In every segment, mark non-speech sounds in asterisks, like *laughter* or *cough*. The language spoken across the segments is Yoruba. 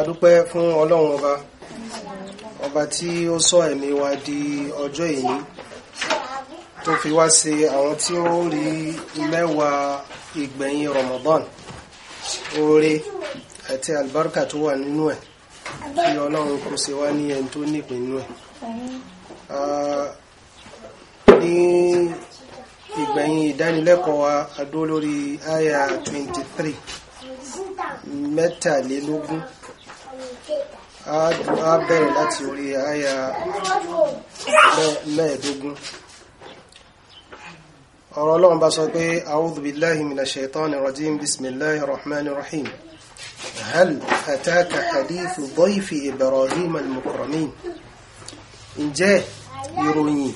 adúpẹ́ fún ọlọ́run ọba ọba tí ó sọ ẹ̀mí wa di ọjọ́ èyí tó fi wá ṣe àwọn tí ó rí mẹ́wàá ìgbẹ̀yìn Ramadan oore àti albarka tó wà nínú ẹ̀ kí ọlọ́run kò ṣe wá ní ẹni tó nípìn nínú ẹ̀ ah, ní ìgbẹ̀yìn ìdánilẹ́kọ̀ọ́ wa adó lórí àyà 23 mẹ́tàlélógún a bẹ̀rẹ̀ láti orí àyà mẹ́ẹ̀dógún ọ̀rọ̀ ọlọ́run bá sọ pé a'udhu billahi minash shaitani rajim bismillahir rahmanir rahim hal ataka hadithu dhayfi ibrahim al-mukramin ǹjẹ́ ìròyìn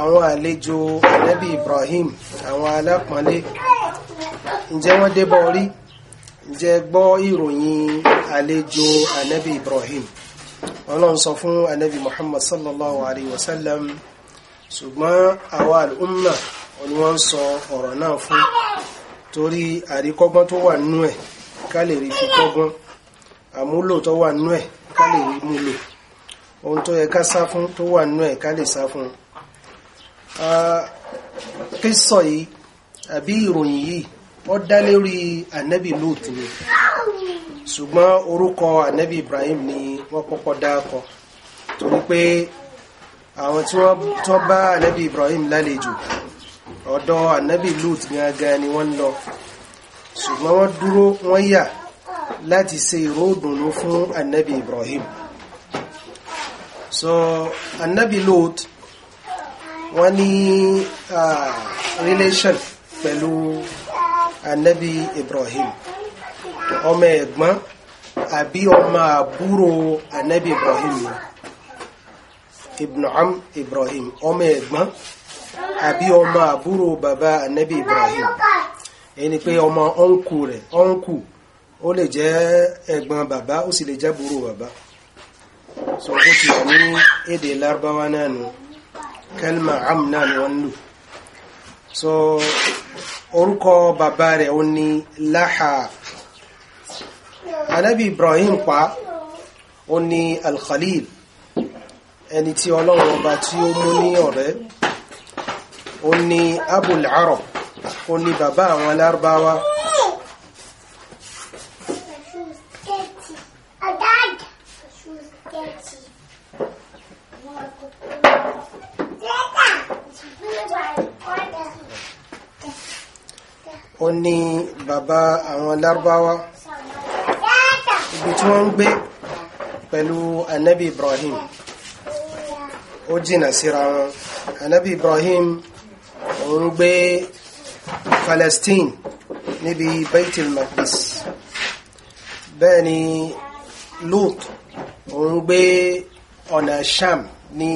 àwọn àlejò ànábì ibrahim àwọn alápọ̀nlé ǹjẹ́ wọ́n débọ̀ rí jẹ́ gbọ́ ìròyìn àlejò anabi Ibrahim ọlọ́run sọ fún anabi Muhammad sallallahu alayhi wa sallam ṣùgbọ́n al'umma ni wọ́n sọ ọ̀rọ̀ náà fún torí àríkọ́gbọ́n tó wà nú ẹ̀ ká rí fi kọ́gbọ́n àmúlò tó wà nú ẹ̀ ká rí múlò ohun tó wà nú ẹ̀ sá fún ó dá lórí ànábì Lut ni ṣùgbọ́n orúkọ ànábì Ibrahim ni wọ́n kọ́kọ́ dákọ torí pé àwọn tí wọ́n bá ànábì Ibrahim lálejò ọ̀dọ̀ ànábì Lut gangan ni wọ́n lọ ṣùgbọ́n wọ́n dúró wọ́n yà láti ṣe ìró fún ànábì Ibrahim so ànábì Lut wọ́n ní ah, relation pẹ̀lú anabi ibrahim ọmọ ẹ̀gbọ́n àbí ọmọ àbúrò anabi ibrahim ni ibn am ibrahim ọmọ ẹ̀gbọ́n àbí ọmọ àbúrò bàbá anabi ibrahim ẹni pé ọmọ ọ̀nkù rẹ̀ ọ̀nkù ó lè jẹ́ ẹ̀gbọ́n bàbá ó sì lè jẹ́ àbúrò bàbá so bó ti wà ní èdè lárúbáwá náà nù kẹlma am náà ni wọ́n lù so orúkọ bàbá rẹ̀ ó ní láhà anábì Ibrahim pa ó ní alkhalil ẹni tí ọlọ́run ọba tí ó mú ní ọ̀rẹ́ ó ní abul arab ó ní bàbá àwọn lárúbáwá ó ní bàbá àwọn lárúbáwá ibi tí wọ́n ń gbé pẹ̀lú anabi ibrahim ó jìnà síra wọn anabi ibrahim òun gbé palestine níbi baitul maqdis bẹ́ẹ̀ ni lut òun gbé ọ̀nà sham ní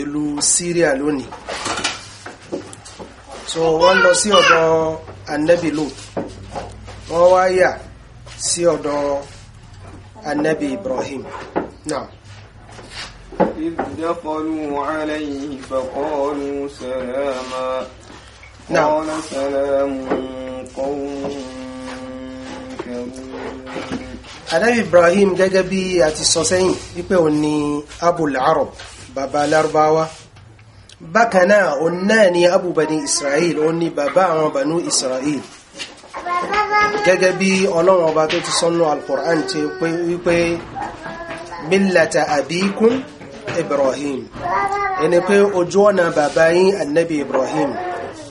ìlú syria lónìí so wọ́n lọ sí ọ̀dọ̀ anabi lot wọ́n wá yà sí ọ̀dọ̀ anabi ibrahim náà. إذ دخلوا عليه فقالوا سلاما نعم. قال سلام قوم Ànábì Ibrahim gẹ́gẹ́ bí a ti sọ sẹ́yìn wípé òun ni Abul Arab baba Lárúbáwá bákanáà òun náà ni abu bani israel òun ni bàbá àwọn banu israel gẹ́gẹ́ bí ọlọ́run ọba tó ti sọ́nà alkùnrán ti wípé millata abikun ibrahim ẹni pé ojú ọ̀nà bàbá yín annabi ibrahim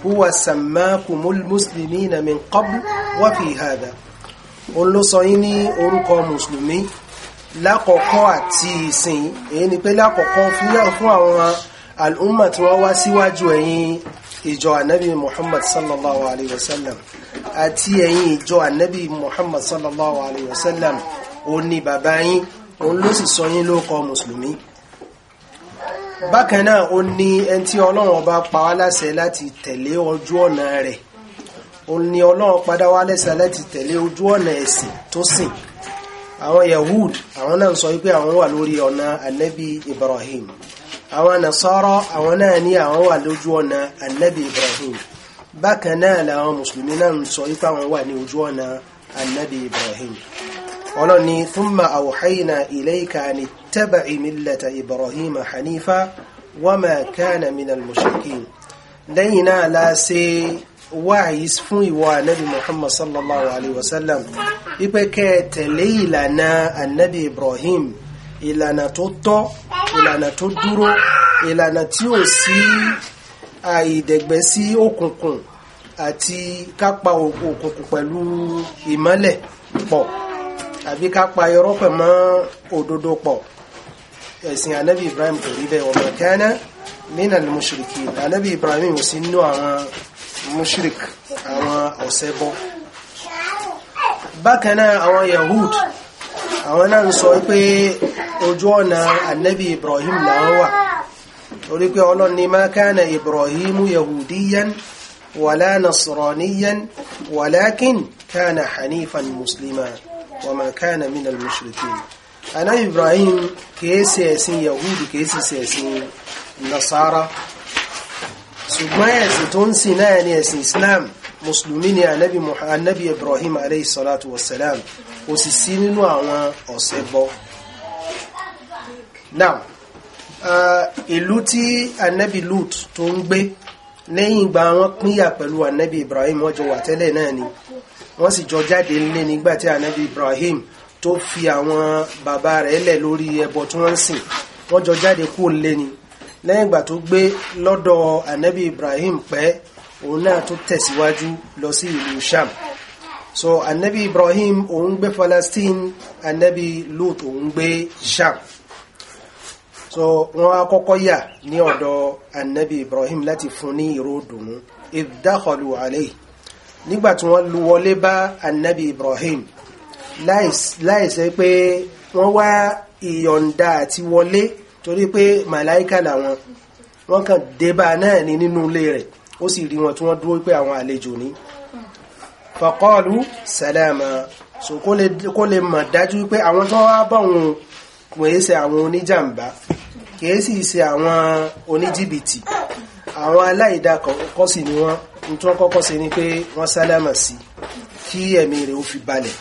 huwa sammakumul muslimina min qabl wa fi hada òun ló sọ yín ní orúkọ mùsùlùmí lákọ̀ọ́kọ́ àti ìsìn èyí ni pé lákọ̀ọ́kọ́ fún àwọn al'umma tí wọ́n wá síwájú ẹ̀yin ìjọ ànábì muhammad sallallahu alaihi wasallam àti ẹ̀yin ìjọ ànábì muhammad sallallahu alaihi wasallam ó ní bàbá yín òun ló sì sọ yín lókọ mùsùlùmí bákan náà ó ní ẹni tí ọlọ́run ọba pa wá láṣẹ láti tẹ̀lé ojú ọ̀nà rẹ̀ ó ní ọlọ́run padà wá láṣẹ láti tẹ̀lé ojú ọ̀nà ẹ̀sìn tó sìn àwọn yahud àwọn náà sọ wípé àwọn wà lórí ọ̀nà ànábì ibrahim àwọn nasara àwọn náà ní àwọn wà lójú ọ̀nà annabi ibrahim bákan náà làwọn mùsùlùmí náà ń sọ ipá wọn wà ní ojú ọ̀nà annabi ibrahim ọlọ́ni thumma awhayna ilayka anittaba'i millata ibrahim hanifa wa ma kana minal mushrikin lẹ́yìn náà la ṣe fún ìwọ annabi muhammad sallallahu alaihi wasallam ipẹ́kẹ́ tẹ̀lé ìlànà annabi ibrahim ìlànà tó tọ́ ìlànà tó dúró ìlànà tí ò sí àìdẹ̀gbẹ́ sí òkùnkùn àti kápa òkùnkùn pẹ̀lú ìmọ́lẹ̀ pọ̀ àbí kápa irọ́ pẹ̀ mọ́ òdodo pọ̀ ẹ̀sìn anabi ibrahim kò rí bẹ́ẹ̀ ọmọ kana minal mushrikin anabi ibrahim ò sí nínú àwọn mushrik àwọn ọ̀sẹ̀ bọ́ bákan náà àwọn yahud àwọn náà ń sọ pé ojú ọ̀nà annabi ibrahim làwọn wà torí pé ọlọ́ni ma kana ibrahim yahudiyan wàlá nasraniyan wàlákin kana hanifan muslima wa ma kana min al-mushrikin annabi ibrahim kìí ṣe ẹ̀sìn yahudi kìí ẹ̀sìn nasara ṣùgbọ́n ẹ̀sìn tó ń sìn náà ni ẹ̀sìn islam mùsùlùmí ni anabi anabi ibrahim aleyhi salatu wasalam kò sì sí nínú àwọn ọ̀ṣẹbọ now uh, ìlú tí anabi lut tó ń gbé lẹ́yìn ìgbà wọn pínyà pẹ̀lú anabi ibrahim wọ́n jọ wà tẹ́lẹ̀ náà ni wọ́n sì jọ jáde nílé nígbà tí anabi ibrahim tó fi àwọn bàbá rẹ̀ lẹ̀ lórí ẹbọ tí wọ́n ń sìn wọ́n jọ jáde kúrò ni lẹ́yìn ìgbà tó gbé lọ́dọ̀ anabi ibrahim pẹ́ òun náà tó tẹ̀síwájú lọ sí ìlú Sham so anabi Ibrahim òun gbé Palestine anabi Lut òun gbé Sham so wọ́n á kọ́kọ́ yà ní ọ̀dọ̀ annabi Ibrahim láti fún ní ìró dùnú ìdákọlù àlẹ́ nígbàtí wọ́n lu wọlé bá annabi Ibrahim láìsẹ́ pé wọ́n wá ìyọ̀ǹda àti wọlé torí pé màláíkà làwọn wọ́n kàn débà náà ní nínú ilé rẹ̀ ó sì rí wọn tí wọ́n dúró pé àwọn àlejò ní faqalu salama so kó lè mọ̀ dájú pé àwọn tó wá bọ̀ wọn kìí ṣe àwọn oníjàmbá kìí sì ṣe àwọn oníjìbìtì àwọn aláìdá kọ́kọ́ sì ni wọ́n tí wọ́n kọ́kọ́ ṣe ni pé wọ́n sálámà sí kí ẹ̀mí rẹ̀ ó fi balẹ̀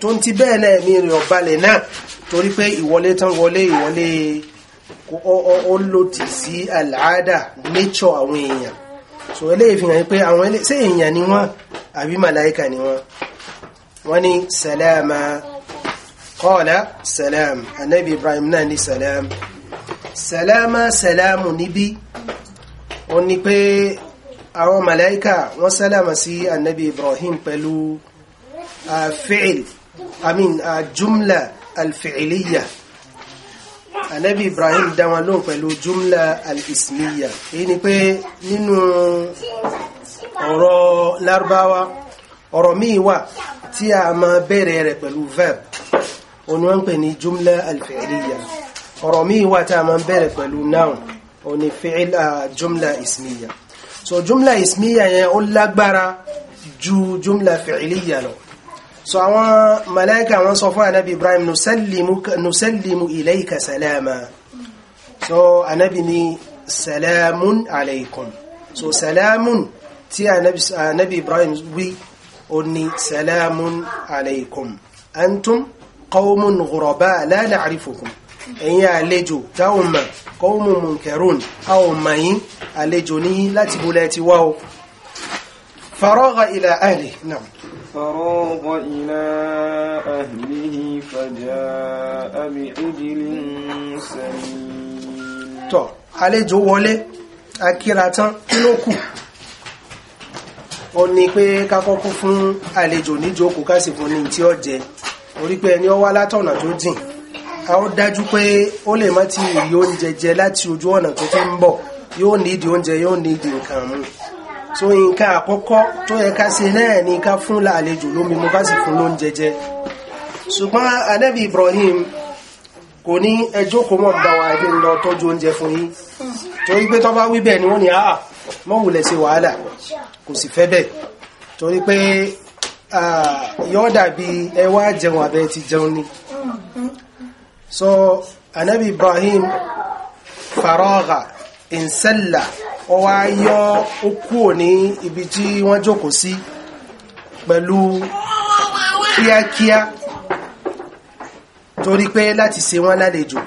tó ń ti bẹ́ẹ̀ náà ẹ̀mí rẹ̀ ó balẹ̀ náà torí pé ìwọlé tán wọlé ìwọlé ó lòdì sí àlàádà nature àwọn èèyàn so eléyìí fi hàn pé àwọn eléyìí ṣé èèyàn ni wọ́n àbí màláìkà ni wọ́n wọ́n ní sàlámà kọ́ọ̀lá sàlám anábì ibrahim náà ní sàlám sàlámà sàlámù níbí ó ní pé àwọn màláìkà wọ́n sàlámà sí anábì ibrahim pẹ̀lú fi'il i mean jumla alfi'iliyah anabi ibrahim dá wọn lóhùn pẹ̀lú jumla al-ismiya èyí ni pé nínú ọ̀rọ̀ lárúbáwá ọ̀rọ̀ míì wà tí a máa bẹ̀rẹ̀ rẹ̀ pẹ̀lú verb òun wọ́n ń pè ní jumla al-fi'liya ọ̀rọ̀ míì wà tí a máa bẹ̀rẹ̀ pẹ̀lú noun òun ni fi'il jumla ismiya so jumla ismiya yẹn ó lágbára ju jumla fi'liya lọ so àwọn màláíkà wọ́n sọ fún anábì ibrahim nusallimu ilayka salama so anábì ni salamun alaykum so salamun tí anábì ibrahim wí ó ní salamun alaykum antum qawmun ghuraba la na'rifukum ẹ̀yin àlejò táwọn mọ̀ qawmun munkarun àwọn mọ̀ yín àlejò ní láti búlẹ̀ ti wá o faragha ila náà فراغ إلى أهله فجاء بعجل سمين tó àlejò wọlé akira tán kílókù ó ní pé fún àlejò níjókòó ká fún ní tí ó jẹ orí pé ẹni wá látọ̀nà tó dìn a ó dájú pé ó le má ti oúnjẹ jẹ láti ojú ọ̀nà tó ń bọ̀ so nǹkan àkọ́kọ́ tó yẹ ká ṣe náà ni ká fún làlejò lómi mú ká sì fún lóúnjẹ jẹ ṣùgbọ́n anábì Ibrahim kò ní ẹjọ́ kò mọ̀ dáwà ẹgbẹ́ ń lọ tọ́jú oúnjẹ fún yín torí pé tó bá wí bẹ́ẹ̀ ni wọ́n ní àà mọ́ wùlẹ̀ wàhálà kò sì fẹ́ bẹ́ẹ̀ torí pé yọ́ dàbí ẹ jẹun àbẹ́ ti jẹun ni so anábì Ibrahim faragha ìǹsẹ́là ọwá yọ ó kúrò ní ibi tí wọ́n jókòó sí pẹ̀lú kíákíá torí pé láti ṣe wọ́n lálejò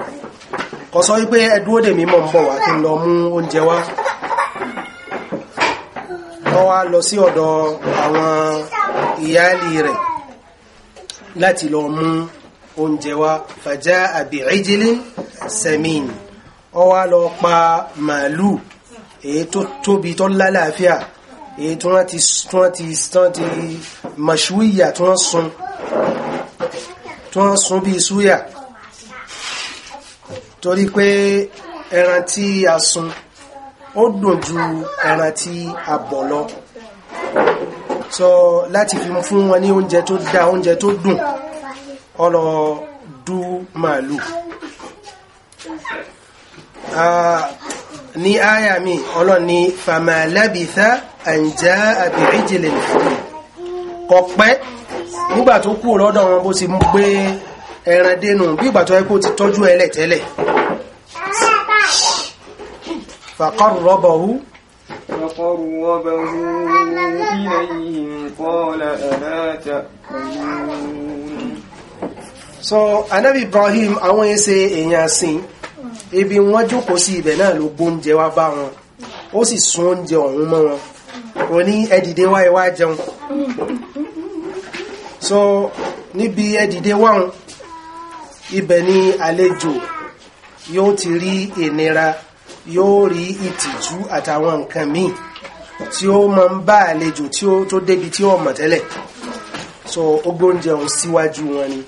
kò sọ wípé ẹdúró dèmí mọ̀ ń bọ̀ wá kí n lọ mú oúnjẹ wá wọ́n wá lọ sí ọ̀dọ̀ àwọn ìyáàlì rẹ̀ láti lọ mú oúnjẹ wá fàjá àbí ìjìlín sẹ́mìnì ó wá lọ pa màálù èyí tó tóbi tó lálàáfíà èyí tí wọ́n ti wọ́n ti tán ti màṣúwìyà tí wọ́n sun tí wọ́n sun bí súyà torí pé ẹran tí a sun ó dùn ju ẹran tí a bọ̀ lọ so láti fi fún wọn ní oúnjẹ tó dá oúnjẹ tó dùn ọlọ dú màálù ní àyà mi ọlọ́ni fàmàlábìtá àǹjá àbìbíjìlẹ̀ kọ̀pẹ́ nígbà tó kú lọ́dọ̀ wọn bó ti gbé ẹran dénú bí ìgbà tó ẹ kó ti tọ́jú ẹlẹ̀ tẹ́lẹ̀ fàkọ́rọ̀bọ̀hú فقربه إليهم So Anabi Ibrahim àwọn ẹsẹ èèyàn sin ebi wọ́n jókòó sí ibẹ̀ náà ló gbóúnjẹ wá bá wọn ó sì sún oúnjẹ ọ̀hún mọ́ wọn kò ní ẹ dìde wá ẹ wá jẹun so níbi ẹ dìde wáhun ibẹ̀ ni àlejò yóò ti rí ìnira yóò rí ìtìjú àtàwọn nǹkan míì tí ó máa ń bá àlejò tí ó tó débi tí ó mọ̀ tẹ́lẹ̀ so ó gbóúnjẹ ọ̀hún síwájú wọn ni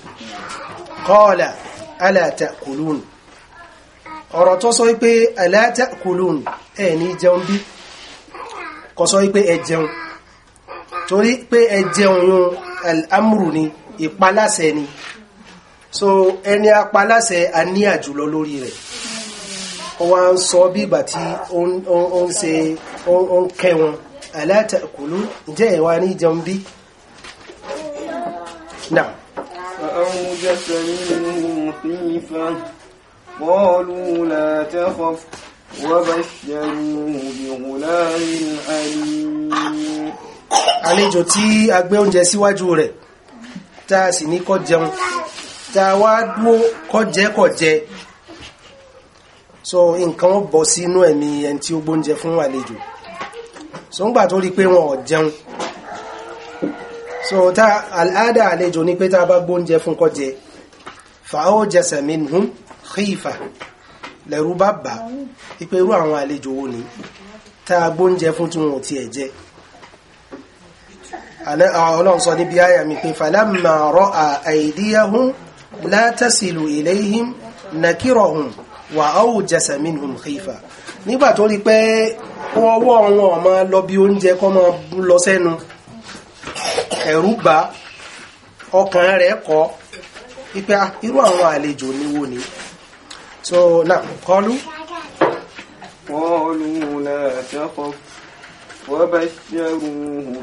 kọ́ọ̀là alá ta'kulun ọ̀rọ̀ tó sọ wípé ala ta'kulun ẹ̀ ní jẹun bí kò sọ wípé ẹ jẹun torí pé ẹ jẹun yun ni ìpaláṣẹ ni so ẹni apaláṣẹ àníyàn jùlọ lórí rẹ̀ ó wá ń sọ bí ìgbà tí ó ń ṣe ó ń kẹwọn ala ta'kulun ǹjẹ́ ẹ̀ ní jẹun bí náà. فأوجس منهم قالوا لا تخف وبشروه بغلام عليم àlejò tí a gbé oúnjẹ síwájú rẹ̀ tá a sì ní kó jẹun tá a wá dúró kó jẹ kó jẹ so nǹkan ó bọ́ sínú ẹ̀mí ẹni tí ó gbóúnjẹ fún àlejò so ń gbà tó rí pé wọn ò jẹun so tá àládà àlejò ní pé tá a bá gbóúnjẹ fún kó jẹ fa awjasa minhum khifa lẹ́rú bá bà ipe irú àwọn àlejò wo ni tá a gbóúnjẹ fún tí wọn ò tiẹ̀ jẹ ọlọ́run sọ níbi àyà mi pé falamma ra'a aydiyahum la tasilu ilayhim nakirahum wa awjasa minhum khifa nígbà tó rí pé ọwọ́ wọn ọmọ lọ bí oúnjẹ kọ́ mọ́ lọ sẹ́nu ẹ̀rú bà ọkàn rẹ̀ kọ́ ipe ah, irú àwọn àlejò ni wo ni. So now, قالوا قالوا لا تخف وبشروه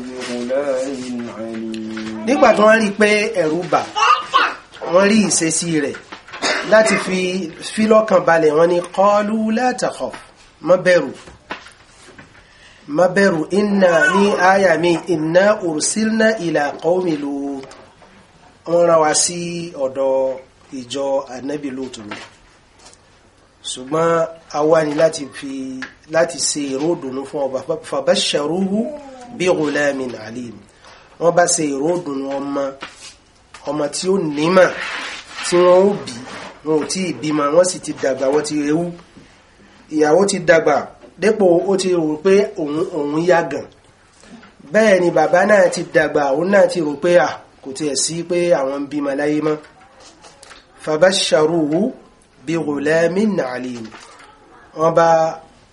بغلام عليم nígbà tí wọ́n rí pé ẹ̀rù bà wọ́n rí ìṣesí rẹ̀ láti fi fi lọ́kàn balẹ̀ wọ́n ní قالوا لا تخف má bẹ̀rù má bẹ̀rù inna ní àyà mi inna ursilna ila qaumi Lut wọ́n rán wa sí ọ̀dọ̀ ìjọ ànábì Lóòtù ṣùgbọ́n a wá ní láti fi láti ṣe ìró dùnú fún ọba fàbáṣàrúhu bí ghulamin alim wọ́n bá ṣe ìró dùnú ọmọ ọmọ tí ó nímọ̀ tí wọ́n ó bí wọn ò tí ì bímọ wọ́n sì ti dàgbà wọ́n ti rewú ìyàwó ti dàgbà dépò ó ti rò pé òun yá gàn bẹ́ẹ̀ ni bàbá náà ti dàgbà òun náà ti rò pé à kò tiẹ̀ sí pé àwọn ń bímọ láyé mọ́ fàbáṣàrúhu bí ghulamin alim wọ́n bá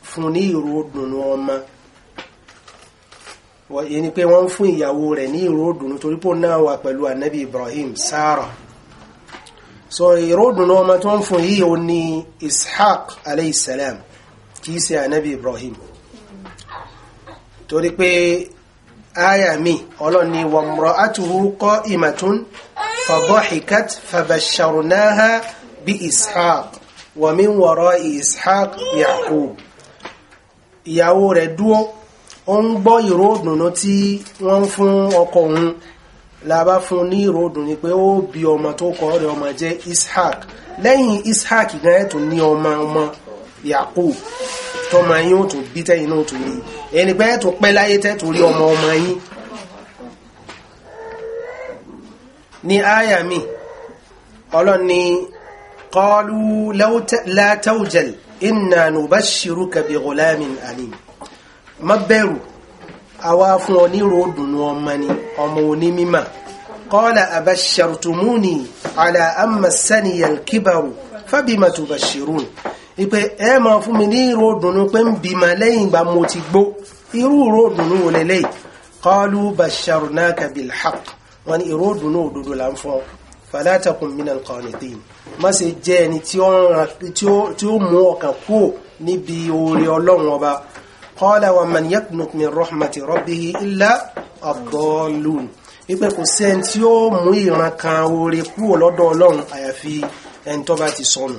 fún ní ìró dùnú ọmọ èyí ni pé wọ́n ń fún ìyàwó rẹ̀ ní ìró torí pò náà wà pẹ̀lú anabi ibrahim sara so ìró dùnú ọmọ tó ń fún yìí ó ní ishaq aleyhisselam kìí ṣe anabi ibrahim torí pé aya mi ọlọ́ni wamra'atuhu qa'imatun fadhahikat fabasharnaha بإسحاق ومن وراء إسحاق يعقوب ìyàwó rẹ̀ dúó ó ń gbọ́ ìròdùn náà tí wọ́n ń fún ọkọ òun la fún ní ìròdùn pé ó bí ọmọ tó kọ rẹ̀ ọmọ jẹ́ Ishaq lẹ́yìn Ishaq gan ẹ̀ ọmọ ọmọ tọmọ yín ó tún bí tẹ́yìn náà tún rí ẹni pé ọmọ ọmọ yín ní قالوا لو ت... لا توجل إنا نبشرك بغلام أليم má bẹ̀rù àwa fún ọ ní ròdùnú ọmọ ni ọmọ òní mímà qala abashartumuni ala amma saniya alkibaru fabima tubashirun ìpè ẹ máa fún mi ní ròdùnú pé ń bímọ lẹ́yìn ìgbà mo ti gbó irú ròdùnú wò lélẹ́yìí qalu basharnaka bilhaq wọn ni ìròdùnú òdodo là ń fún fala takun minal qanitin má ṣe jẹ́ ẹni tí ó mú ọkàn kúò níbi oore ọlọ́run ọba qala wa man yaqnut min rahmati rabbihi illa ad-dallun wípé kò sẹ́ni tí ó mú ìran kan oore lọ́dọ̀ ọlọ́run àyàfi ẹni tó bá ti sọnù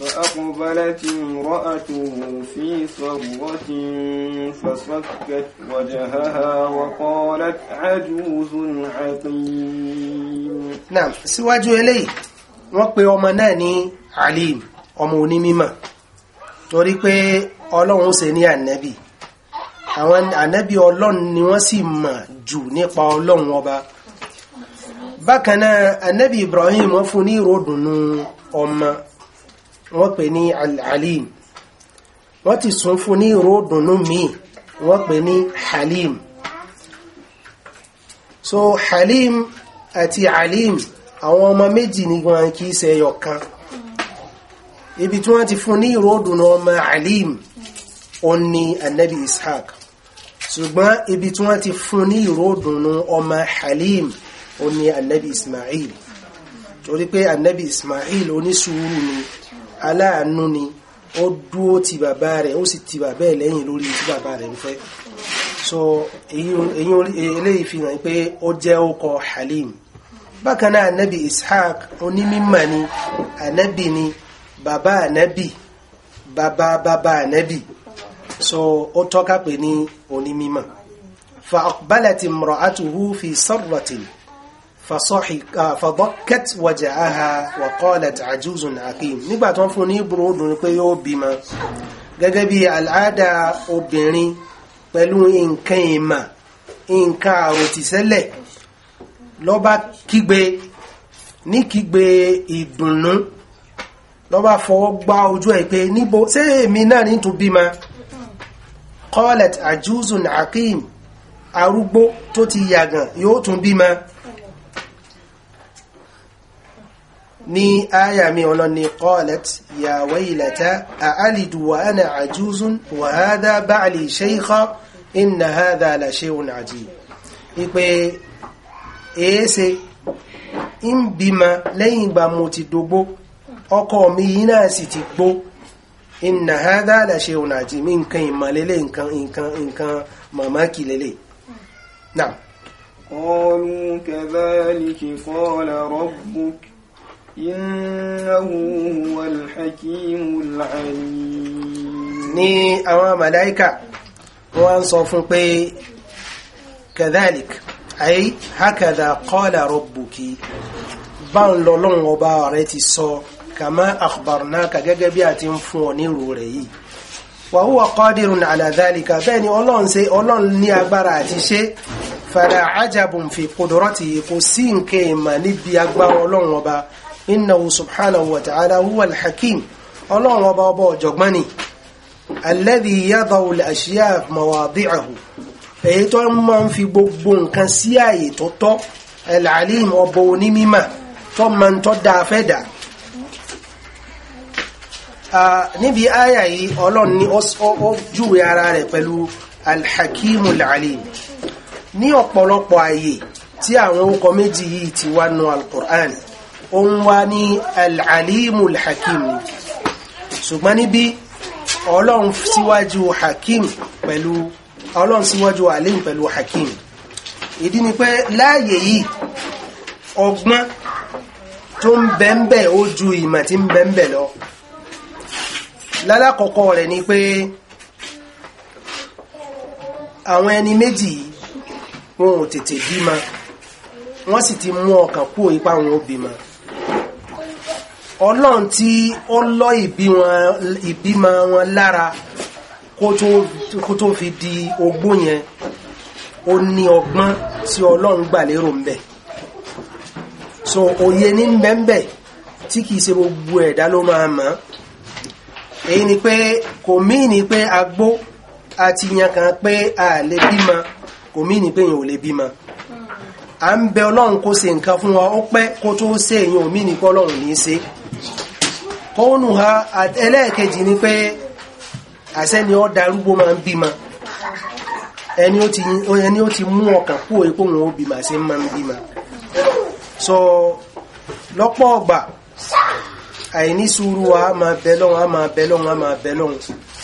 فأقبلت امرأته في صرة فصكت وجهها وقالت عجوز عقيم نعم síwájú eléyìí wọ́n pe ọmọ náà ní alim ọmọ onímímọ̀ torí pé ọlọ́run ṣe ní ànábì àwọn ànábì ọlọ́run ni wọ́n sì mọ̀ jù nípa ọlọ́run ọba bákan náà Ibrahim wọ́n fún ní ìròdùnú ọmọ wọ́n pè ní al-alim wọ́n ti sún fún ní ìròdùnú míì wọ́n pè ní halim so halim àti alim àwọn ọmọ méjì ní wọn kì í ṣe ẹyọkan ibi tí wọ́n ti fún ní ìròdùnú ọmọ alim ó ní anabi ishaq ṣùgbọ́n ibi tí wọ́n ti fún ní ìròdùnú ọmọ halim ó ní anabi ismail torí pé anabi ismail onísùúrù ni. Ismail, aláàánú ni ó dúó ti bàbá rẹ̀ ó sì ti bàbá ẹ̀ lẹ́yìn lórí tí bàbá rẹ̀ ń fẹ́ so eléyìí fi hàn pé ó jẹ́ ọkọ halim bákan náà anabi ishaq onímímà ni anabi ni bàbá anabi bàbá bàbá anabi so ó tọ́ka pé ní onímímà fa aqbalati imra'atuhu fi sarratin fàdọ́kẹ́t فضكت áhà وقالت عجوز عقيم nígbà tó ń fún ní ìbúrò ó dùn pé yóò bímọ gẹ́gẹ́ bí àlàádà obìnrin pẹ̀lú nǹkan ìmà nǹkan àròtìsẹ́lẹ̀ ló bá kígbe ní kígbe ìdùnnú ló bá fọwọ́ gbá ojú ẹ̀ pé níbo ṣé èmi náà ní tún bímọ kọ́lẹ̀t àjúzùn àkìm ti yàgàn yóò tún bímọ ní àyà mi ọlọ́ni qalat ya waylata a'alidu wa ana ajuzun wa hadha ba'li shaykha inna hadha la shay'un ajib ipe èése ń bímọ lẹ́yìn ìgbà mo ti dogbó ọkọ mi yìí náà sì ti gbó inna hadha la shay'un ajib nǹkan ìmọ̀lélé nǹkan nǹkan nǹkan mamaki lélé náà قالوا كذلك قال ربك إنه هو الحكيم العليم ní àwọn màláíkà wọ́n sọ fún pé كذلك أي هكذا قال ربك báwọn lọ́lọ́run ọba rẹ̀ ti sọ kàmá akhbarnaka gẹ́gẹ́ bí a ti ń fún ọ nírò rẹ̀ yìí wa huwa qadirun ala dhalika bẹ́ẹ̀ ni ọlọ́run ṣe ọlọ́run ní agbára àti ṣe fala ajabun fi qudratihi kò sí nǹkan ìmà níbi agbára ọlọ́run ọba innahu subhanahu wa ta'ala huwa al-hakim ọlọ́run ọba ọba ọ̀jọ̀gbọ́n ni alladhi yadau al-ashiya mawadi'ahu èyí tó máa ń fi gbogbo nǹkan sí ààyè tó tọ́ al-alim ọba onímímà tó máa ń tọ́ dáa fẹ́ dáa níbi àyà yìí ọlọ́run ni ó júwe ara rẹ̀ pẹ̀lú alhakimul alim ní ọ̀pọ̀lọpọ̀ ààyè tí àwọn orúkọ méjì yìí ti wá nù alqur'an òun wá ní alàlímù hakim ṣùgbọ́n níbi ọlọ́run síwájú hakim pẹ̀lú ọlọ́run síwájú alim pẹ̀lú hakim ìdí ni pé láàyè yìí ọgbọ́n tó ń bẹ́ńbẹ̀ ó ju ìmọ̀ tí ń bẹ́ńbẹ̀ lọ lálákọ̀ọ́kọ́ rẹ̀ ni pé àwọn ẹni méjì wọn ò tètè bímọ wọ́n sì ti mú ọkàn kúrò ipá wọn ó ọlọ́run tí ó lọ́ ìbímọ wọn lára kó tó fi di ogbó yẹn ó ní ọgbọ́n tí ọlọ́run gbà lérò ń so òye ní bẹ́ẹ̀ tí kìí ṣe gbogbo ẹ̀dá ló máa mọ̀ èyí ni pé kò mí ni pé agbó àti yan kan pé a lè bímọ kò mí ni pé èèyàn ò lè bímọ à ń bẹ ọlọ́run kó ṣe nǹkan fún wa ó pẹ́ kó tó ṣe èèyàn mí ni pé ọlọ́run ní í ṣe é kọ́ọ̀nù ha ẹlẹ́ẹ̀kejì ni pé àṣẹ́ni ó darúgbó máa ń bímọ ẹni ó ti mú ọkàn kúrò ipò wọn ó bímọ àṣẹ máa ń bímọ so lọ́pọ̀ ọgbà àìní sùúrù wa a máa bẹ lọ́hùn a máa bẹ lọ́hùn a máa bẹ lọ́hùn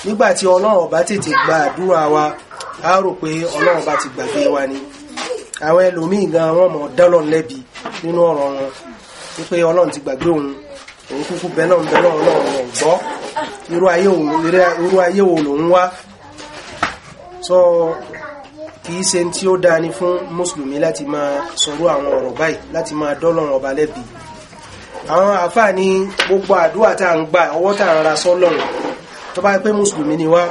nígbà tí ọlọ́run ọba tètè gba àdúrà wa a rò pé ọlọ́run ọba ti gbàgbé wa ni àwọn ẹlòmíì gan wọn mọ̀ dánlọ́n lẹ́bi nínú ọ̀rọ̀ wọn wípé ọlọ́run ti gbàgbé òun òun kúkú bẹ náà bẹ náà náà wọn gbọ́ irú ayé wo lòun wá so kìí ṣe tí ó dáa ni fún mùsùlùmí láti máa sọ̀rọ̀ àwọn ọ̀rọ̀ báyìí láti máa dọ́lọ́run ọba lẹ́bi àwọn àfáà ní gbogbo àdúrà tá à ń gbà ọwọ́ tá à ń ra sọ́lọ́run tó bá pé mùsùlùmí ni wá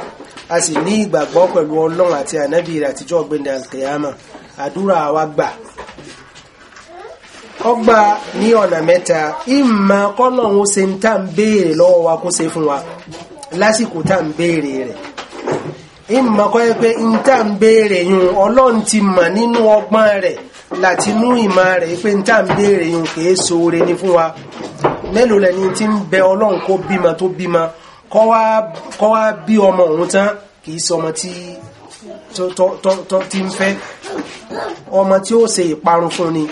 a sì ní ìgbàgbọ́ pẹ̀lú ọlọ́run àti ànábì rẹ̀ àtijọ́ ọ̀gbẹ́ndẹ̀ alkiyama àdúrà wa gbà ọgbà ní ọ̀nà mẹ́ta ìmọ̀ kọ́lọ̀hún ṣe ń tà ń béèrè lọ́wọ́ wa kó se fún wa lásìkò tà ń béèrè rẹ̀ ìmọ̀ kọ́ yẹ pé ń tà ń béèrè yun ọlọ́run ti mọ̀ nínú ọgbọ́n rẹ̀ láti mú ìmọ̀ rẹ̀ pé ń tà ń béèrè yun kìí ṣoore ni fún wa mélòó lẹni tí ń bẹ ọlọ́run kó bímọ tó bímọ kọ́ wá bí ọmọ òun tán kìí sọmọ tí tó tó tó ti ń fẹ́ ọmọ tí ó ṣe ìparun fún ni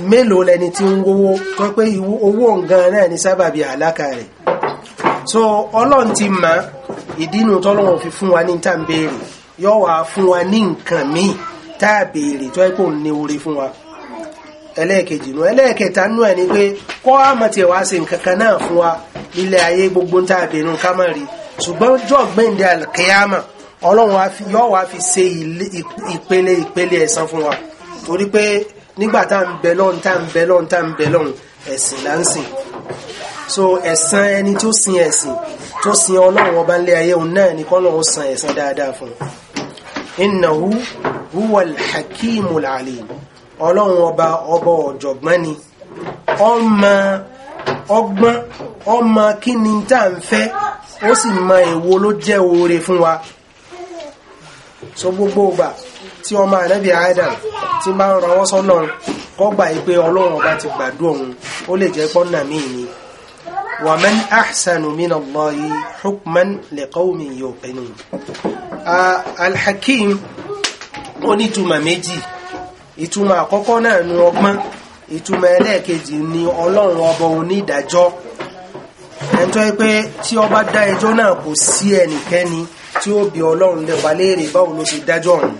mélòó lẹni tí ń wówó tó pé owó nǹkan náà ní sábàbí àlákà rẹ̀ so ọlọ́run ti mọ̀ ìdínú tọ́lọ́run fi fún wa ní tá à ń béèrè yóò wá fún wa ní nǹkan míì tá à béèrè tó pé òun ní orí fún wa ẹlẹ́ẹ̀kejì nù ẹlẹ́ẹ̀kẹta nù ẹ̀ ni pé kọ́ àmọ́ tiẹ̀ wá ṣe nǹkan kan náà fún wa nílé ayé gbogbo tá à béèrè ká má rí ṣùgbọ́n jọ̀gbẹ́ndẹ́ alkiyama ọlọ́run yóò wá fi ṣe ìpele ìpele ẹ̀san fún wa torí pé nígbà tá à ń bẹ lọ́n tá à ń bẹ lọ́n tá à ń bẹ lọ́n ẹ̀sìn là ń sìn so ẹ̀san ẹni tó sin ẹ̀sìn tó sin ọlọ́run ọba ńlẹ̀ ayé òun náà ni kọ́lọ́run san ẹ̀san dáadáa fún un innahu huwal hakimul alim ọlọ́run ọba ọba ọ̀jọ̀gbọ́n ni ọmọ ọgbọ́n ọmọ kí ni tá à ń fẹ́ ó sì mọ èwo ló jẹ́ oore fún wa so gbogbo ìgbà tí ọmọ ànábì adam tí bá ń rawọ́ sọ́nà kó gbà pé ọlọ́run ọba ti gbàdú òun ó lè jẹ́ pọ́nà míì ni wa man ahsanu min Allahi hukman li qawmin yuqinun alhakim ó ní ìtumọ̀ méjì ìtumọ̀ àkọ́kọ́ náà nu ọgbọ́n ìtumọ̀ ẹlẹ́ẹ̀kejì ni ọlọ́run ọba onídàájọ́ ẹ̀ntọ́ pé tí ọba dá ẹjọ́ náà kò sí ẹnikẹ́ni tí ó bi ọlọ́run lẹ́pa léèrè báwo ló ṣe dájọ́ ọ̀hún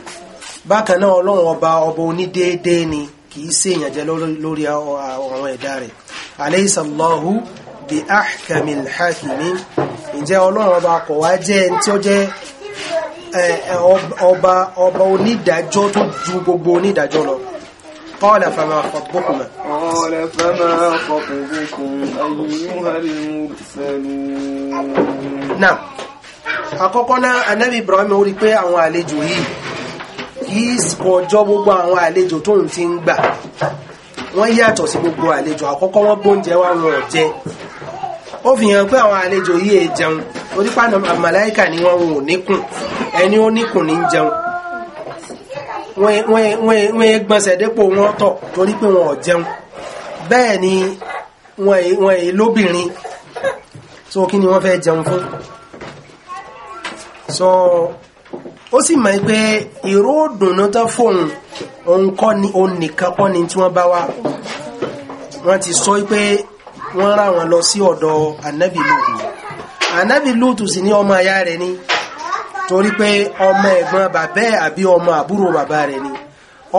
bákan náà ọlọ́run ọba ọba onídéédé ni kì í ṣe èèyàn jẹ lórí àwọn ẹ̀dá rẹ̀ alaysa bi ahkamil hakimin ǹjẹ́ ọlọ́run ọba kò wá jẹ́ ẹni tí ó jẹ́ ọba ọba onídàájọ́ tó ju gbogbo onídàájọ́ lọ قال فما قال فما خطبكم أيها المرسلون نعم Ibrahim kìí kọjọ́ gbogbo àwọn àlejò tóun ti ń gbà wọ́n yàtọ̀ sí gbogbo àlejò àkọ́kọ́ wọ́n gbóúnjẹ wá wọn ọ̀jẹ́ ó fi hàn pé àwọn àlejò yìí è jẹun onípa màláìkà ni wọ́n ò níkùn ẹni ó níkùn ní jẹun wọ́n è gbọ̀nsẹ̀ dépò wọn tọ̀ torí pé wọn ò jẹun bẹ́ẹ̀ ni wọ́n è lóbìnrin so kí ni wọ́n fẹ́ jẹun fún so ó sì mọ̀ pé ìró dùnú tán fóun òun kọ́ ni òun nìkan kọ́ ni tí wọ́n bá wá wọ́n ti sọ pé wọ́n rà wọ́n lọ sí ọ̀dọ̀ ànábì lùtù ànábì lùtù sì ní ọmọ aya rẹ̀ ni torí pé ọmọ ẹ̀gbọ́n bàbẹ́ àbí ọmọ àbúrò bàbá rẹ̀ ni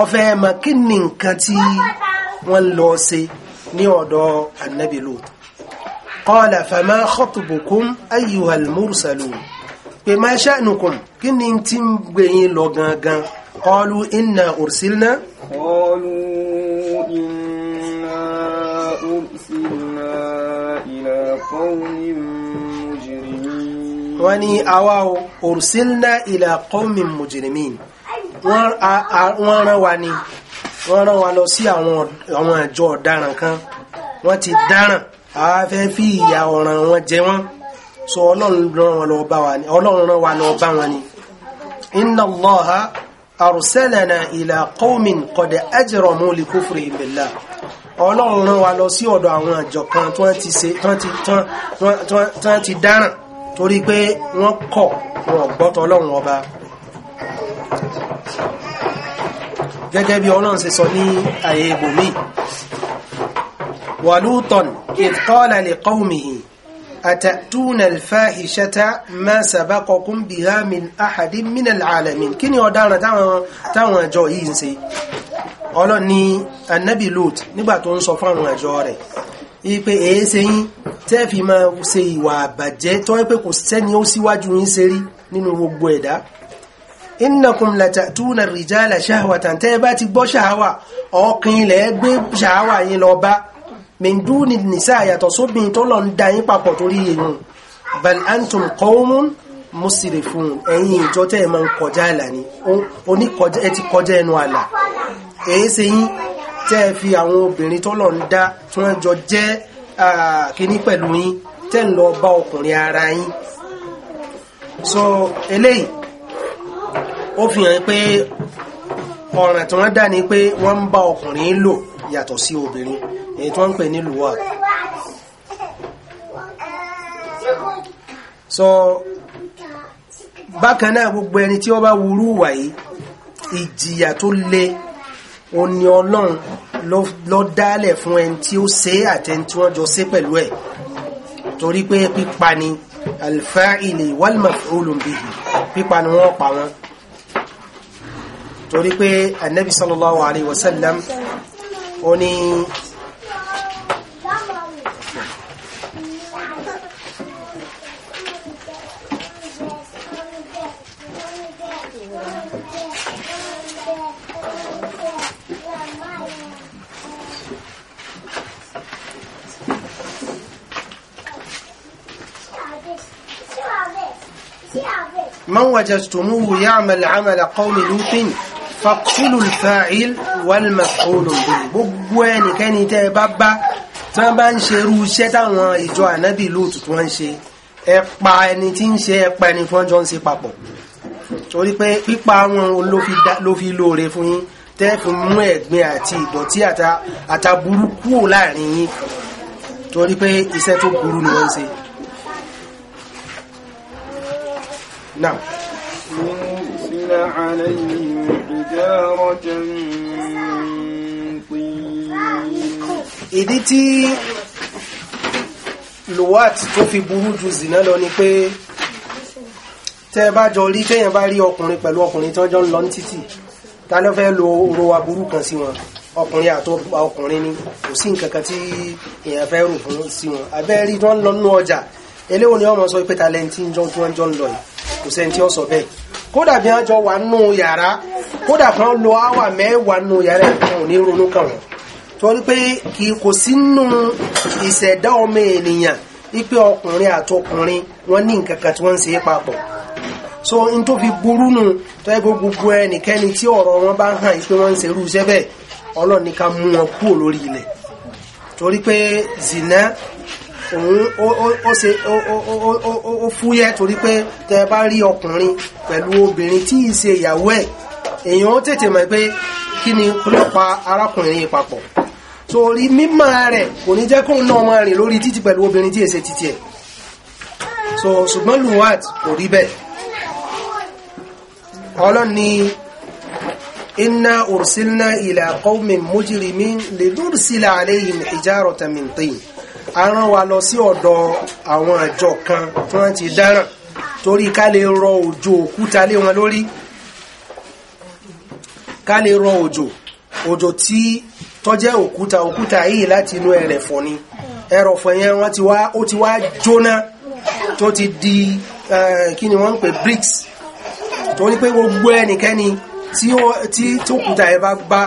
ọfẹ́ mọ̀ kí ni nǹkan tí wọ́n lọ ṣe ní ọ̀dọ̀ ànábì lùtù qala fama khatubukum ayyuhal mursalun pé ma sha'nukum kí ni tí ń gbé yín lọ gangan qalu inna ursilna qalu inna ursilna ila qawmin mujrimin wọ́n ní àwa ursilna ila qawmin mujrimin wọ́n rán wa ni wọ́n rán wa lọ sí àwọn àwọn àjọ ọ̀daràn kan wọ́n ti dáràn àwa fẹ́ fi ìyà ọ̀ràn wọn jẹ wọ́n so ọlọ́run rán wa lọ bá wọn ni inna allaha arsalana ila qawmin qad ajramu li kufri billah ọlọ́run rán wa lọ sí ọ̀dọ̀ àwọn àjọ kan tí wọ́n ti ṣe dáràn torí pé wọ́n kọ̀ wọn gbọ́tọ̀ ọlọ́run ọba gẹ́gẹ́ bí ọlọ́run ṣe sọ ní àyè ibòmí wa lutan idh qala atatuna alfahishata ma sabaqakum biha min ahadin min alalamin kíni ọ̀daràn táwọn táwọn àjọ yìí ń ṣe ọlọ́run ni anabi lut nígbà tó ń sọ fún àwọn àjọ rẹ̀ ipe èése yín tẹ́ fi máa ṣe ìwà àbàjẹ́ tó pé kò sẹ́ni ó síwájú yín ṣe rí nínú gbogbo ẹ̀dá innakum latatuna rijala shahwatan tẹ́ ti gbọ́ ṣàwà ọkàn ilẹ̀ gbé ṣàwà yín lọ bá mẹ́ndúni nìsá àyàtọ̀ sóbìn tó lọ ń da yín papọ̀ torí èèyàn bal antum qawmun musrifun ẹ̀yin ìjọ tẹ́ ẹ̀ máa ń kọjá àlà ni oní ẹ ti kọjá ẹnu àlà èyí ṣe yín tẹ́ ẹ fi àwọn obìnrin tó lọ ń da tí wọ́n jọ jẹ́ kíní pẹ̀lú yín tẹ́ ń lọ bá ọkùnrin ara yín so eléyìí ó fi hàn pé ọ̀ràn tí wọ́n dá ni pé wọ́n ń bá ọkùnrin lò yàtọ̀ sí obìnrin èyí tó ń pè ní lùwà so bákan náà gbogbo ẹni tí ó bá wúrú wà ìjìyà tó le òun ni ọlọ́run ló dálẹ̀ fún ẹni tí ó ṣe àtẹni tí wọ́n jọ ṣe pẹ̀lú ẹ̀ torí pé pípa ni alfa'ili wal maf'ulun pípa ni wọ́n pa wọn torí pé annabi sallallahu alaihi wasallam oni من وجدتموه يعمل عمل قوم لوط فاقتلوا الفاعل wal gbogbo ẹpa ẹni tí ń ṣe ẹpa ẹni tí wọ́n ń ṣe papọ̀ torí pé pípa wọn ló fi lóore fún yín tẹ́ mú ẹ̀gbin àti ìdọ̀tí àtàbúrú kúrò láàrin yín torí pé iṣẹ́ tó burú ni wọ́n ń ṣe. ìdí tí luwat tó fi burú ju zina lọ ni pé tẹ́ bá jọ rí téèyàn bá rí ọkùnrin pẹ̀lú ọkùnrin tí wọ́n jọ ń lọ ní títì ta ló fẹ́ lo ro aburú kan sí wọn ọkùnrin àti ọkùnrin ni kò sí nǹkan kan tí èèyàn fẹ́ rò fún sí wọn abẹ́ rí tí wọ́n lọ nínú ọjà eléwo ni wọ́n mọ̀ sọ pé ta lẹ́ni tí ń jọ tí wọ́n jọ ń lọ yìí kò sẹ́ni tí ó sọ bẹ́ẹ̀ kódà bí wọ́n jọ wà nínú yàrá kódà kan lo áwà mẹ́wàá nínú yàrá ẹ̀ kàn ní ronú kàn wọ́n torí pé kì kò sínú ìṣẹ̀dá ọmọ ènìyàn wípé ọkùnrin àtọkùnrin wọn ní nǹkan kan tí wọ́n ń ṣe papọ̀ so n tó fi burú nù tó yẹ gbogbo ẹnikẹ́ni tí ọ̀rọ̀ wọn bá hàn pé wọ́n ń ṣe irú iṣẹ́ bẹ́ẹ̀ ọlọ́ọ̀ni ká mú wọn kúrò lórí ilẹ̀ torí pé zina òun ó ṣe ó fúyẹ́ torí pé tẹ́ bá rí ọkùnrin pẹ̀lú obìnrin tí í ṣe ìyàwó ẹ̀ èèyàn ó tètè mọ̀ pé kí ni kúlọ̀pá arákùnrin papọ̀ sórí mímọ̀ rẹ̀ kò ní jẹ́ kóun náà máa rìn lórí títì pẹ̀lú obìnrin tí èsè títì ẹ̀ so ṣùgbọ́n luwat kò rí bẹ́ẹ̀ ọlọ́ni iná òrùsílná ilẹ̀ àkọ́wùmí mújìrìmí lè lórísílẹ̀ àléyìn ìjárọ̀ tàmìntìn arán wa lọ sí ọ̀dọ̀ àwọn àjọ kan tí wọ́n ti dáràn torí ká lè rọ òjò òkúta lé wọn lórí ká lè rọ òjò òjò tí tó jẹ́ òkúta òkúta yìí láti inú ẹrẹ̀fọ̀ ni ẹrọ̀fọ̀ yẹn wọ́n ti wá ó ti wá jóná tó ti di kí ni wọ́n ń pè bricks tó ní pé gbogbo ẹnikẹ́ni tí òkúta yẹn bá bá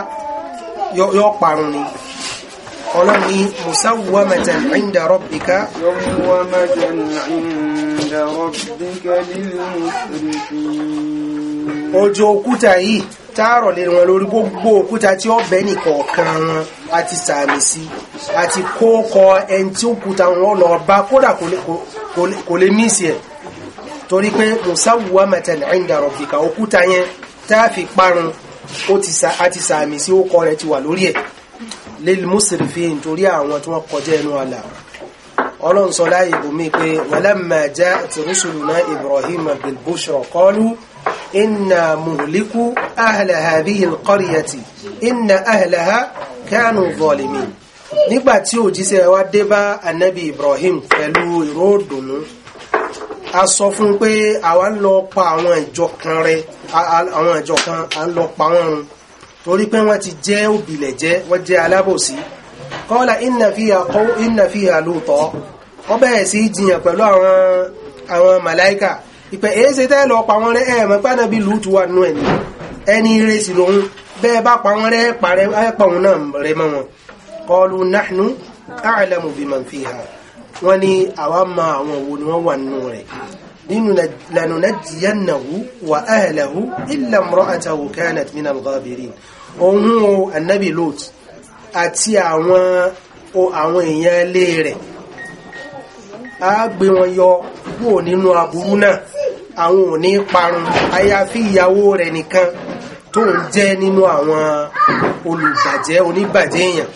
yọ parun ni ọlọ́run ní musawwamatan inda rabbika musawwamatan inda rabbika lil musrifin ojú òkúta yìí táàrọ̀ lé wọn lórí gbogbo òkúta tí ó bẹ́ nìkọ̀ọ̀kan wọn àti sàmì sí àti kó ẹni tí òkúta wọn lọ bá kódà kò lè mísì ẹ̀ torí pé musawu amatan inda rabbika òkúta yẹn tá a fi parun àti sàmì sí ó kọ ti wà lórí ẹ̀ lil musrifin nítorí àwọn tí wọ́n kọjá ẹnu àlà ọlọ́run sọ láyé ibùmí pé walamma ja'at rusuluna Ibrahima bil bushra إنا مهلكوا أهل هذه القرية إن أهلها كانوا ظالمين nígbà tí òjíṣẹ́ wa dé bá anabi ibrahim pẹ̀lú ìró ìdùnnú a sọ fún un pé àwa ń lọ pa àwọn ìjọ kan rẹ àwọn ìjọ kan à ń lọ pa wọ́n run torí pé ti jẹ́ òbílẹ̀ jẹ́ wọ́n jẹ́ alábòsí kọ́lá inna fiha inna fiha lóòtọ́ wọ́n bẹ̀rẹ̀ sí jiyàn pẹ̀lú àwọn àwọn ìpẹ̀ èé ṣe tẹ́ lọ pa wọ́n rẹ́ ẹ̀mọ́ pàdé bí lùtù wà nù ẹ̀ní ẹni ìrẹsì lòun bẹ́ẹ̀ bá pa wọ́n rẹ́ parẹ́ pa náà rẹ mọ́ wọn qalu nahnu a'lamu biman fiha wọ́n ní àwa ma àwọn òwò ni wọ́n wà nù rẹ̀ nínú lanunajjiyannahu wa ahlahu illa imra'atahu kanat minal ghabirin òun o annabi lut àti àwọn èèyàn ilé rẹ̀ a gbé wọn yọ kúrò nínú aburú náà àwọn ò ní parun àyàfi ìyàwó rẹ̀ nìkan tó ń jẹ́ nínú àwọn olùbàjẹ́ oníbàjẹ́ èèyàn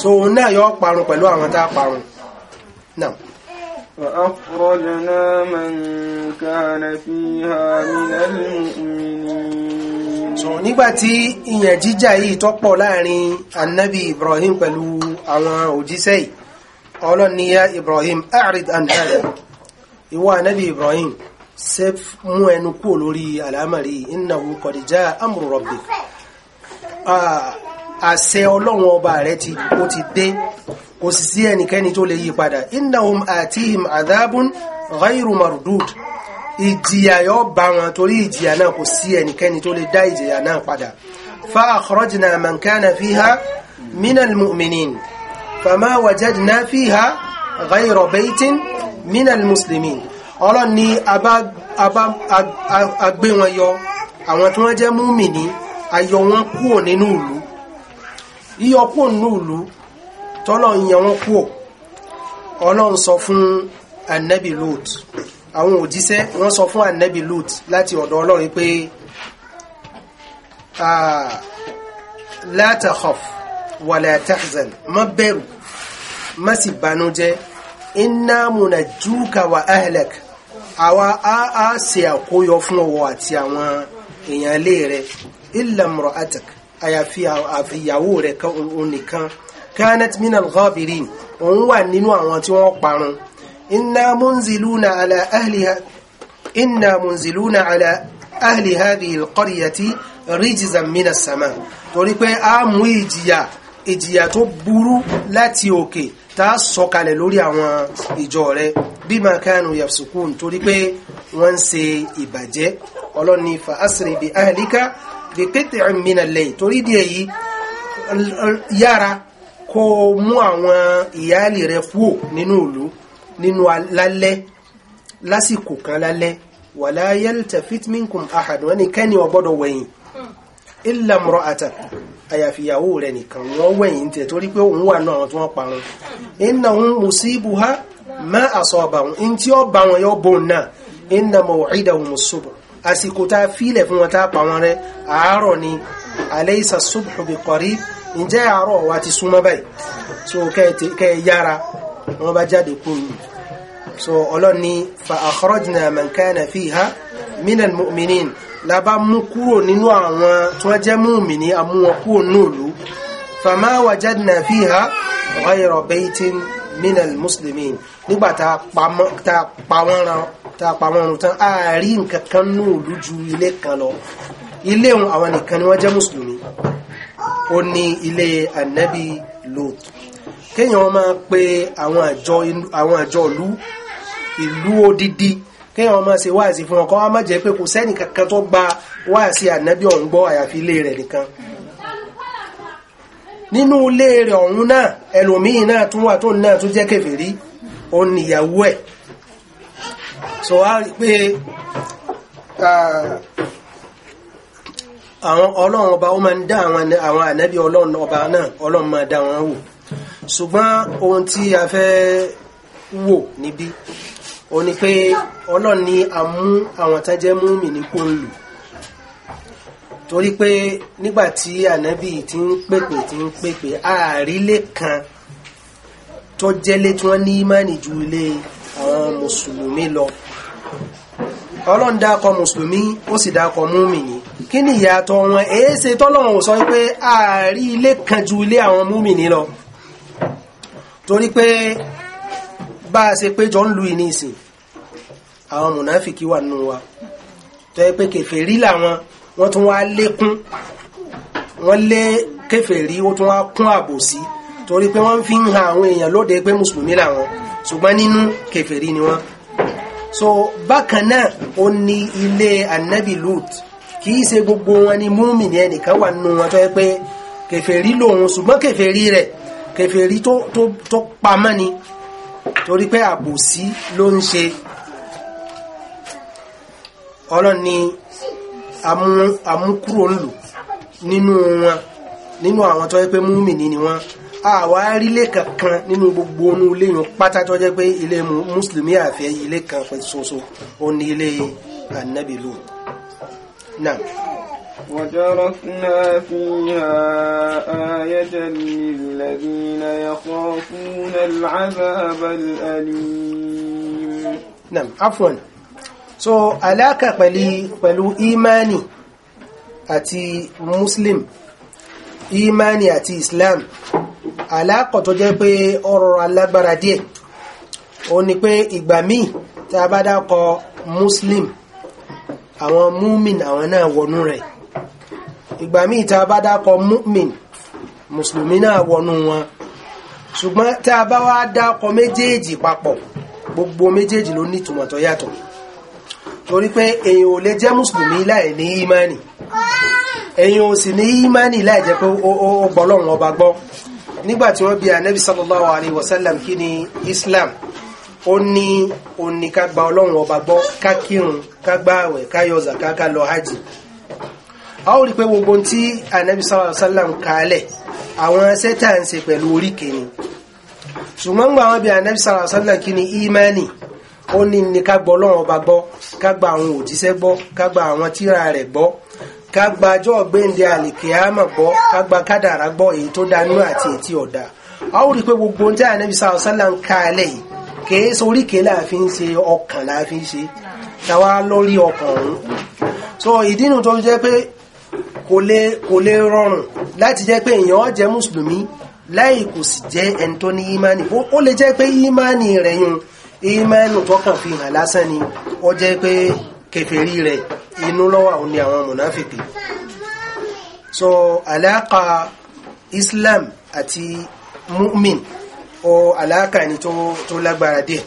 so òun náà yọ parun pẹ̀lú àwọn tá a parun وأخرجنا من كان فيها من المؤمنين so nígbà tí ìyàn jíjà yìí tó pọ̀ láàrin annabi Ibrahim pẹ̀lú àwọn òjíṣẹ́ ọlọ́ni ya Ibrahim a'rid an hada ìwọ anabi Ibrahim ṣe mú ẹnu kúrò lórí àlámàrí innahu qad jaa amru rabbik àṣẹ ọlọ́run ọba rẹ̀ ti ó ti dé kò sì sí ẹnikẹ́ni tó lè yí padà innahum atihim adhabun ghayru mardud ìjìyà yóò bá wọn torí ìjìyà náà kò sí ẹnikẹ́ni tó lè dá ìjìyà náà padà fa akhrajna man kana fiha minal mu'minin fama wajadna fiha ghayra baytin minal muslimin ọlọ́n ni a gbé wọn yọ àwọn tí wọ́n jẹ́ múmìnì a yọ wọn kúrò nínú ìlú yíyọ kúrò nínú ìlú tọ́lọ̀ yọ wọn kúrò ọlọ́run sọ fún anabi Lut àwọn òjíṣẹ́ wọ́n sọ fún anabi Lut láti ọ̀dọ̀ ọlọ́run pé ah, la wala tahzan má bẹ̀rù má sì banújẹ́ inna munajjuka wa ahlak àwa a ṣe àkóyọ fún ọwọ́ àti àwọn èèyàn ilé rẹ̀ illa imra'atak àyàfi àfìyàwó rẹ̀ nìkan kanat min al-ghabirin òun wà nínú àwọn tí wọ́n parun inna munziluna ala ahliha inna munziluna ala ahli hadhihi al torí pé a mú ìjìyà ìjìyà tó burú láti òkè tá a sọ̀kalẹ̀ lórí àwọn ìjọ rẹ̀ bí ma kánú yafsukun torí pé wọ́n ń ṣe ìbàjẹ́ ọlọ́ni fa asiri bi ahlika bi qit'in min al-layl torí díẹ̀ yìí yára kó mú àwọn ìyáàlì rẹ̀ fúò nínú ìlú nínú lálẹ́ lásìkò kan lálẹ́ wala yaltafit minkum ahad wọn ni kẹ́ni ò gbọ́dọ̀ wẹ̀yìn àyàfi ìyàwó rẹ̀ nìkan wọ́n wẹ̀yìn tẹ̀ torí pé òun wà náà tí wọ́n parun innahum musibuha ma asabahum in tí ó bá wọn yóò bò náà inna maw'idahum as-subh àsìkò tá a fílẹ̀ fún wọn tá a pa wọn rẹ́ àárọ̀ ni alaysa as-subhu bi qarib ǹjẹ́ àárọ̀ wa ti súnmọ́ báyìí so kẹ́ ẹ yára wọ́n bá jáde kúrò so ọlọ́ni fa akhrajna man kana fiha minal mu'minin la bá mú kúrò nínú àwọn tí wọ́n jẹ́ mùmínì amú wọn kúrò nùlú fama wajadna fiha ghayra baytin minal muslimin nígbà tá pa wọ́n ran tá pa wọ́n run tán ààrí nǹkan kan nùlú ju ilé kan lọ ilé òun àwọn nìkan ni wọ́n jẹ́ mùsùlùmí ó ní ilé ànábì Lut kéèyàn máa pe àwọn àjọ ìlú odidi kéèyàn máa ṣe wáàsí fún ọkọ wa má jẹ́ pé kò sẹ́ni kankan tó gba wáàsí ànábì ọ̀hún gbọ́ àyàfi ilé rẹ̀ nìkan nínú ilé rẹ̀ ọ̀hún náà ẹlòmíì náà tún wà tó náà tún jẹ́ kèfèrí òun nìyàwó ẹ̀ so a rí pé àwọn ọlọ́run ọba ó máa ń dá àwọn ànábì ọlọ́run ọba náà ọlọ́run máa dá wọn wò ṣùgbọ́n ohun tí a fẹ́ wò níbí ó ní pé ọlọ́run ní amú àwọn tán jẹ́ múmi ní kó ń lò torí pé nígbà tí ànábì ti ń pèpè ti ń pèpè àárílé kan tó jẹ́lé tí wọ́n ní ìmánì ju ilé àwọn mùsùlùmí lọ ọlọ́run dákọ mùsùlùmí ó sì dákọ múmìnì kí ni ìyàtọ̀ wọn èése tọ́lọ́run sọ pé ààrí kan ju ilé àwọn múmìnì lọ torí pé bá a ṣe péjọ ń lu ìní ìsìn àwọn mùnáfìkì wà nínú wa tó yẹ pé kèfèrí làwọn wọ́n tún wá lékún wọ́n lé kèfèrí wọ́n tún wá kún àbòsí torí pé wọ́n fi ń han àwọn èèyàn lóde pé mùsùlùmí làwọn ṣùgbọ́n nínú kèfèrí ni wọ́n so bákan náà ó ní ilé anabi lut kì í ṣe gbogbo wọn ni múmìnì ẹnìkan wà nínú wọn tó yẹ pé kèfèrí lòun ṣùgbọ́n kèfèrí rẹ̀ kèfèrí tó pamọ́ ni torí pé àbòsí ló ń ṣe ọlọ́run ni àmúkúrò ń lò nínú wọn nínú àwọn tó pé múmìnì ni wọ́n àwa rílé kankan nínú gbogbo onú ilé yìí pátá tó pé ilé mùsùlùmí àfẹ́ ilé kan ṣoṣo ó ní ilé ànábì lò náà. فيها آية للذين يخافون العذاب الأليم نعم عفوا so aláka pẹ̀lú imani àti muslim imani àti islam alákọ̀ tó jẹ́ pé ọ̀rọ̀ alágbára díẹ̀ ó ní pé ìgbà míì tí a bá dákọ muslim àwọn múmin àwọn náà wọnú rẹ̀ ìgbà míì tí a bá dákọ múmin mùsùlùmí náà wọnú wọn ṣùgbọ́n tí a bá wá dákọ méjèèjì papọ̀ gbogbo méjèèjì ló ní ìtumọ̀ yàtọ̀ torí pé èyàn ò lè jẹ́ mùsùlùmí láì ní ìmánì èyàn ò sì ní ìmánì láì jẹ́ pé ó gbọ́lọ́run ọba gbọ́ nígbàtí wọ́n bi ànábì sallallahu alayhi wa sallam kí ni islam ó ní ó ní ká gba ọlọ́run ọba gbọ́ ká kírun ká gbààwẹ̀ ká yọ zàká ká lọ hajj a ó rí pé gbogbo tí ànábì sallallahu alayhi wa sallam kàálẹ̀ àwọn sẹ́tà ń ṣe pẹ̀lú oríkèé ni ṣùgbọ́n gbà wọ́n bi sallallahu alayhi wa sallam kí ni ìmánì ó ní ní ká gbọ́ ọlọ́run ọba gbọ́ ká gba àwọn òjíṣẹ́ gbọ́ ká gba àwọn tíra rẹ̀ gbọ́ ká gba ọjọ́ gbéǹde àlìkìyàmà gbọ́ ká gba kádàrá gbọ́ èyí tó dánú àti èyí tí ò dáa a ó rí i pé gbogbo ohun tí ànábì sáà sálà ń ka alẹ́ yìí kìí soríkèé láàfin ń ṣe ọkàn láàfin ṣe tàwa lórí ọkàn ọ̀hún so ìdí nu tó jẹ́ pé kò lè kò lè rọrùn láti jẹ́ pé èèyàn jẹ́ mùsùlùmí láì kò sì jẹ́ ẹni tó ní ímánì ó lè jẹ́ pé ímánì rẹ̀ yun ìmánù tọ́kàn fi hàn lásán ni ó jẹ́ pé kèfèrí rẹ̀ inú lọ́wọ́ ni àwọn mùnáfìkì so àlàkà Islam àti mu'min o àlàkà ni tó lágbára dé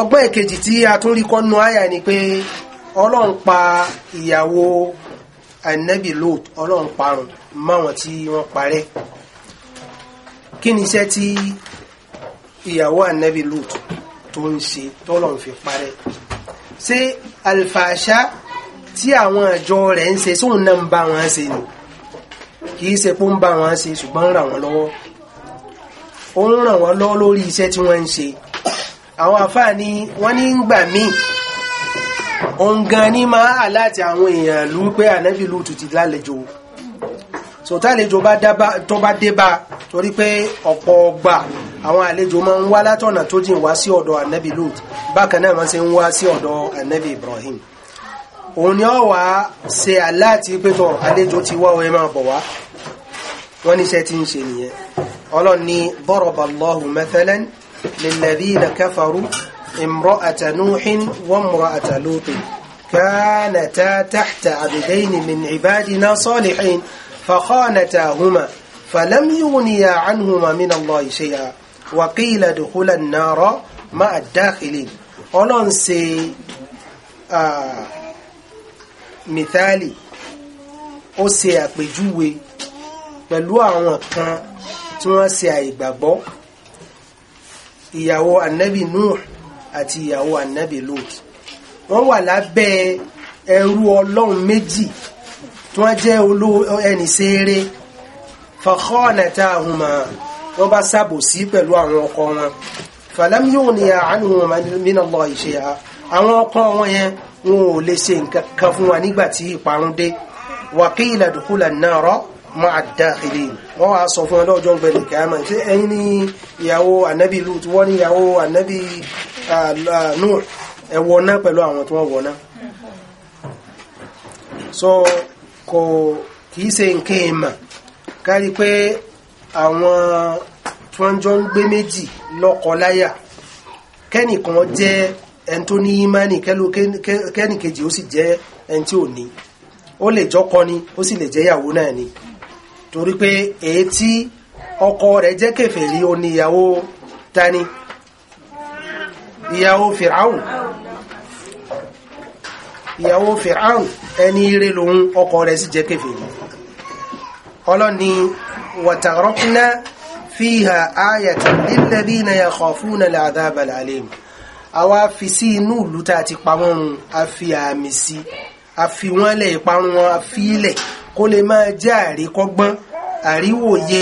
ọgbọ́n ìkejì tí a tún rí kọ́nù àyà ni pé ọlọ́run pa ìyàwó ànábì Lóòt ọlọ́run parun máwọn tí wọ́n parẹ́ kí ni iṣẹ́ tí ìyàwó ànábì lùtù tó ń ṣe tọ́lọ̀ ń fi parẹ́ ṣé alfàṣà tí àwọn àjọ rẹ̀ ń ṣe sóun náà ń bá wọn ṣe ni kì í ṣe pé ń bá wọn ṣe ṣùgbọ́n ń ràn wọ́n lọ́wọ́ ó ń ràn wọ́n lọ́wọ́ lórí iṣẹ́ tí wọ́n ń ṣe àwọn àfáà ni wọ́n ní ń gbà míì òun ni máa hà láti àwọn èèyàn lù pé ànábì lùtù ti lálejò so tálejò bá dábá tó bá dé bá torí pé ọ̀pọ̀ ọgbà àwọn àlejò máa ń wá látọ̀nà tó jìn wá sí ọ̀dọ̀ ànábì Lut bákan náà máa ṣe ń wá sí ọ̀dọ̀ ànábì Ibrahim òun ni ó wá ṣe aláàtí pétọ̀ àlejò ti wá ọ̀ẹ́ máa bọ̀ wá wọ́n níṣẹ́ tí ń ṣe nìyẹn ọlọ́run ni daraba Allahu mathalan lilladhina kafaru imra'ata Nuhin wa imra'ata Lutin kanata tahta abdaini min ibadina salihin فخانتاهما فلم يغنيا عنهما من الله شيئا وقيل ادخلا النار مع الداخلين ọlọ́run ṣe mìtálì ó ṣe àpèjúwe pẹ̀lú àwọn kan tí wọ́n ṣe àìgbàgbọ́ ìyàwó ànábì Nuh àti ìyàwó ànábì Lut wọ́n wà lábẹ́ ẹrú ọlọ́run méjì tí wọ́n jẹ́ ẹni ṣeere fakhanatahuma wọ́n bá ṣàbòsí pẹ̀lú àwọn ọkọ wọn falam yughniya anhuma minallahi shay'a àwọn ọkọ wọn yẹn wọn ò lè ṣe nǹkan kan fún wa nígbà tí ìparun dé wa qila dukhula an-nara ma'a ad-dakhilin wọ́n wá sọ fún ọlọ́jọ́ ń gbẹ̀lẹ̀ kẹ́mà tí ẹ̀yin ní ìyàwó ànábì Lut wọ́n ní ìyàwó ànábì Nuh ẹ̀wọ̀ná pẹ̀lú àwọn tí wọ́n wọ̀ná so kò kìí ṣe nǹkan ìmọ̀ kárí pé àwọn tí wọ́n jọ ń gbé méjì lọ́kọ láyà kẹ́nìkan jẹ́ ẹni tó ní ìmánì kẹ́nìkejì ó sì jẹ́ ẹni tí ò ní ó lè jọ́kọ ni ó sì lè jẹ́ ìyàwó náà ni torí pé èyí tí ọkọ rẹ̀ jẹ́ kèfèrí ó ní ìyàwó tani ìyàwó fìràwùn ìyàwó fìràn ẹni ire lòun ọkọ rẹ̀ sì jẹ́ kèfèrí ọlọ́ni wàtàrọ́kúnná fíhà ayàtà lílẹ̀bínà yà kọ̀fúnà làdábà làlẹ́mù àwa fi sí inú ìlú tá a ti pa wọ́n run a fi àmì sí a fi wọ́n lẹ̀ ìparun wọn a àríwòye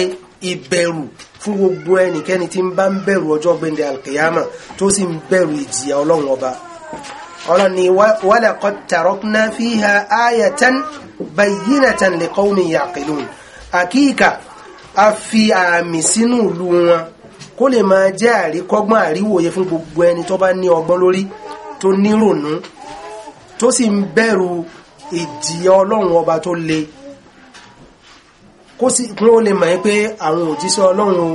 ìbẹ̀rù fún gbogbo ẹnikẹ́ni tí ń bá ń bẹ̀rù ọjọ́ gbẹ̀ndẹ̀ alkiyama tó sì ń bẹ̀rù ìjìyà ọlọ́run ọba ọlọ́ni walaqad tarakna fiha ayatan bayyinatan liqawmin yaqilun àkíkà a fi àmì sínú ìlú wọn kó lè máa jẹ́ àríkọ́gbọ́n àríwòye fún gbogbo ẹni tó bá ní ọgbọ́n lórí tó nírònú tó sì ń bẹ̀rù ìjì ọlọ́run ọba tó le kó sì kún ó lè mọ̀ pé àwọn òjíṣẹ́ ọlọ́run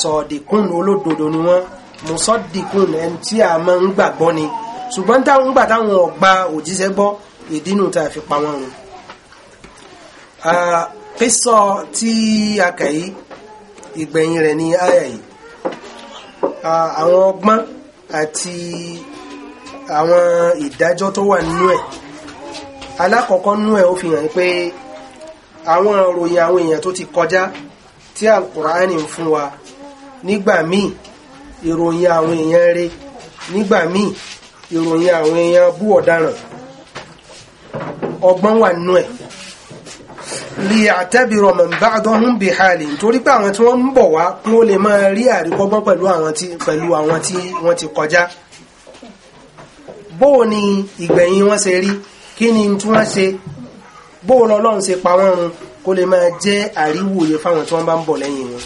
sọ̀dìkún olódodo ni wọ́n mùsọ̀dìkún ẹni tí a máa ń gbàgbọ́ ni ṣùgbọ́n táwọn ń gbà táwọn ọ̀gbà òjíṣẹ́ gbọ́ ìdínú tá a fi pa wọ́n run pẹ́sọ tí a kà yí ìgbẹ̀yìn rẹ̀ ní àyà yìí àwọn ọgbọ́n àti àwọn ìdájọ́ tó wà nínú ẹ̀ alákọ̀ọ́kọ́ nínú ẹ̀ ó fi hàn pé àwọn ìròyìn àwọn èèyàn tó ti kọjá tí al ń fún wa nígbà míì ìròyìn àwọn èèyàn rẹ̀ nígbà míì ìròyìn àwọn èèyàn bú ọ̀daràn ọgbọ́n wà nínú ẹ̀ lè àtẹ́bìrọ̀ mẹ̀mbáàdọ́hún bí hàlì torí pé àwọn tí wọ́n ń bọ̀ wá kí wọ́n lè máa rí àríkọ́gbọ́n pẹ̀lú àwọn tí pẹ̀lú àwọn tí wọ́n ti kọjá bóò ni ìgbẹ̀yìn wọn ṣe rí kí ni tí wọ́n ṣe bóò lọ́lọ́run ṣe pa wọ́n run kó lè máa jẹ́ àríwòye fáwọn tí wọ́n bá ń bọ̀ lẹ́yìn wọn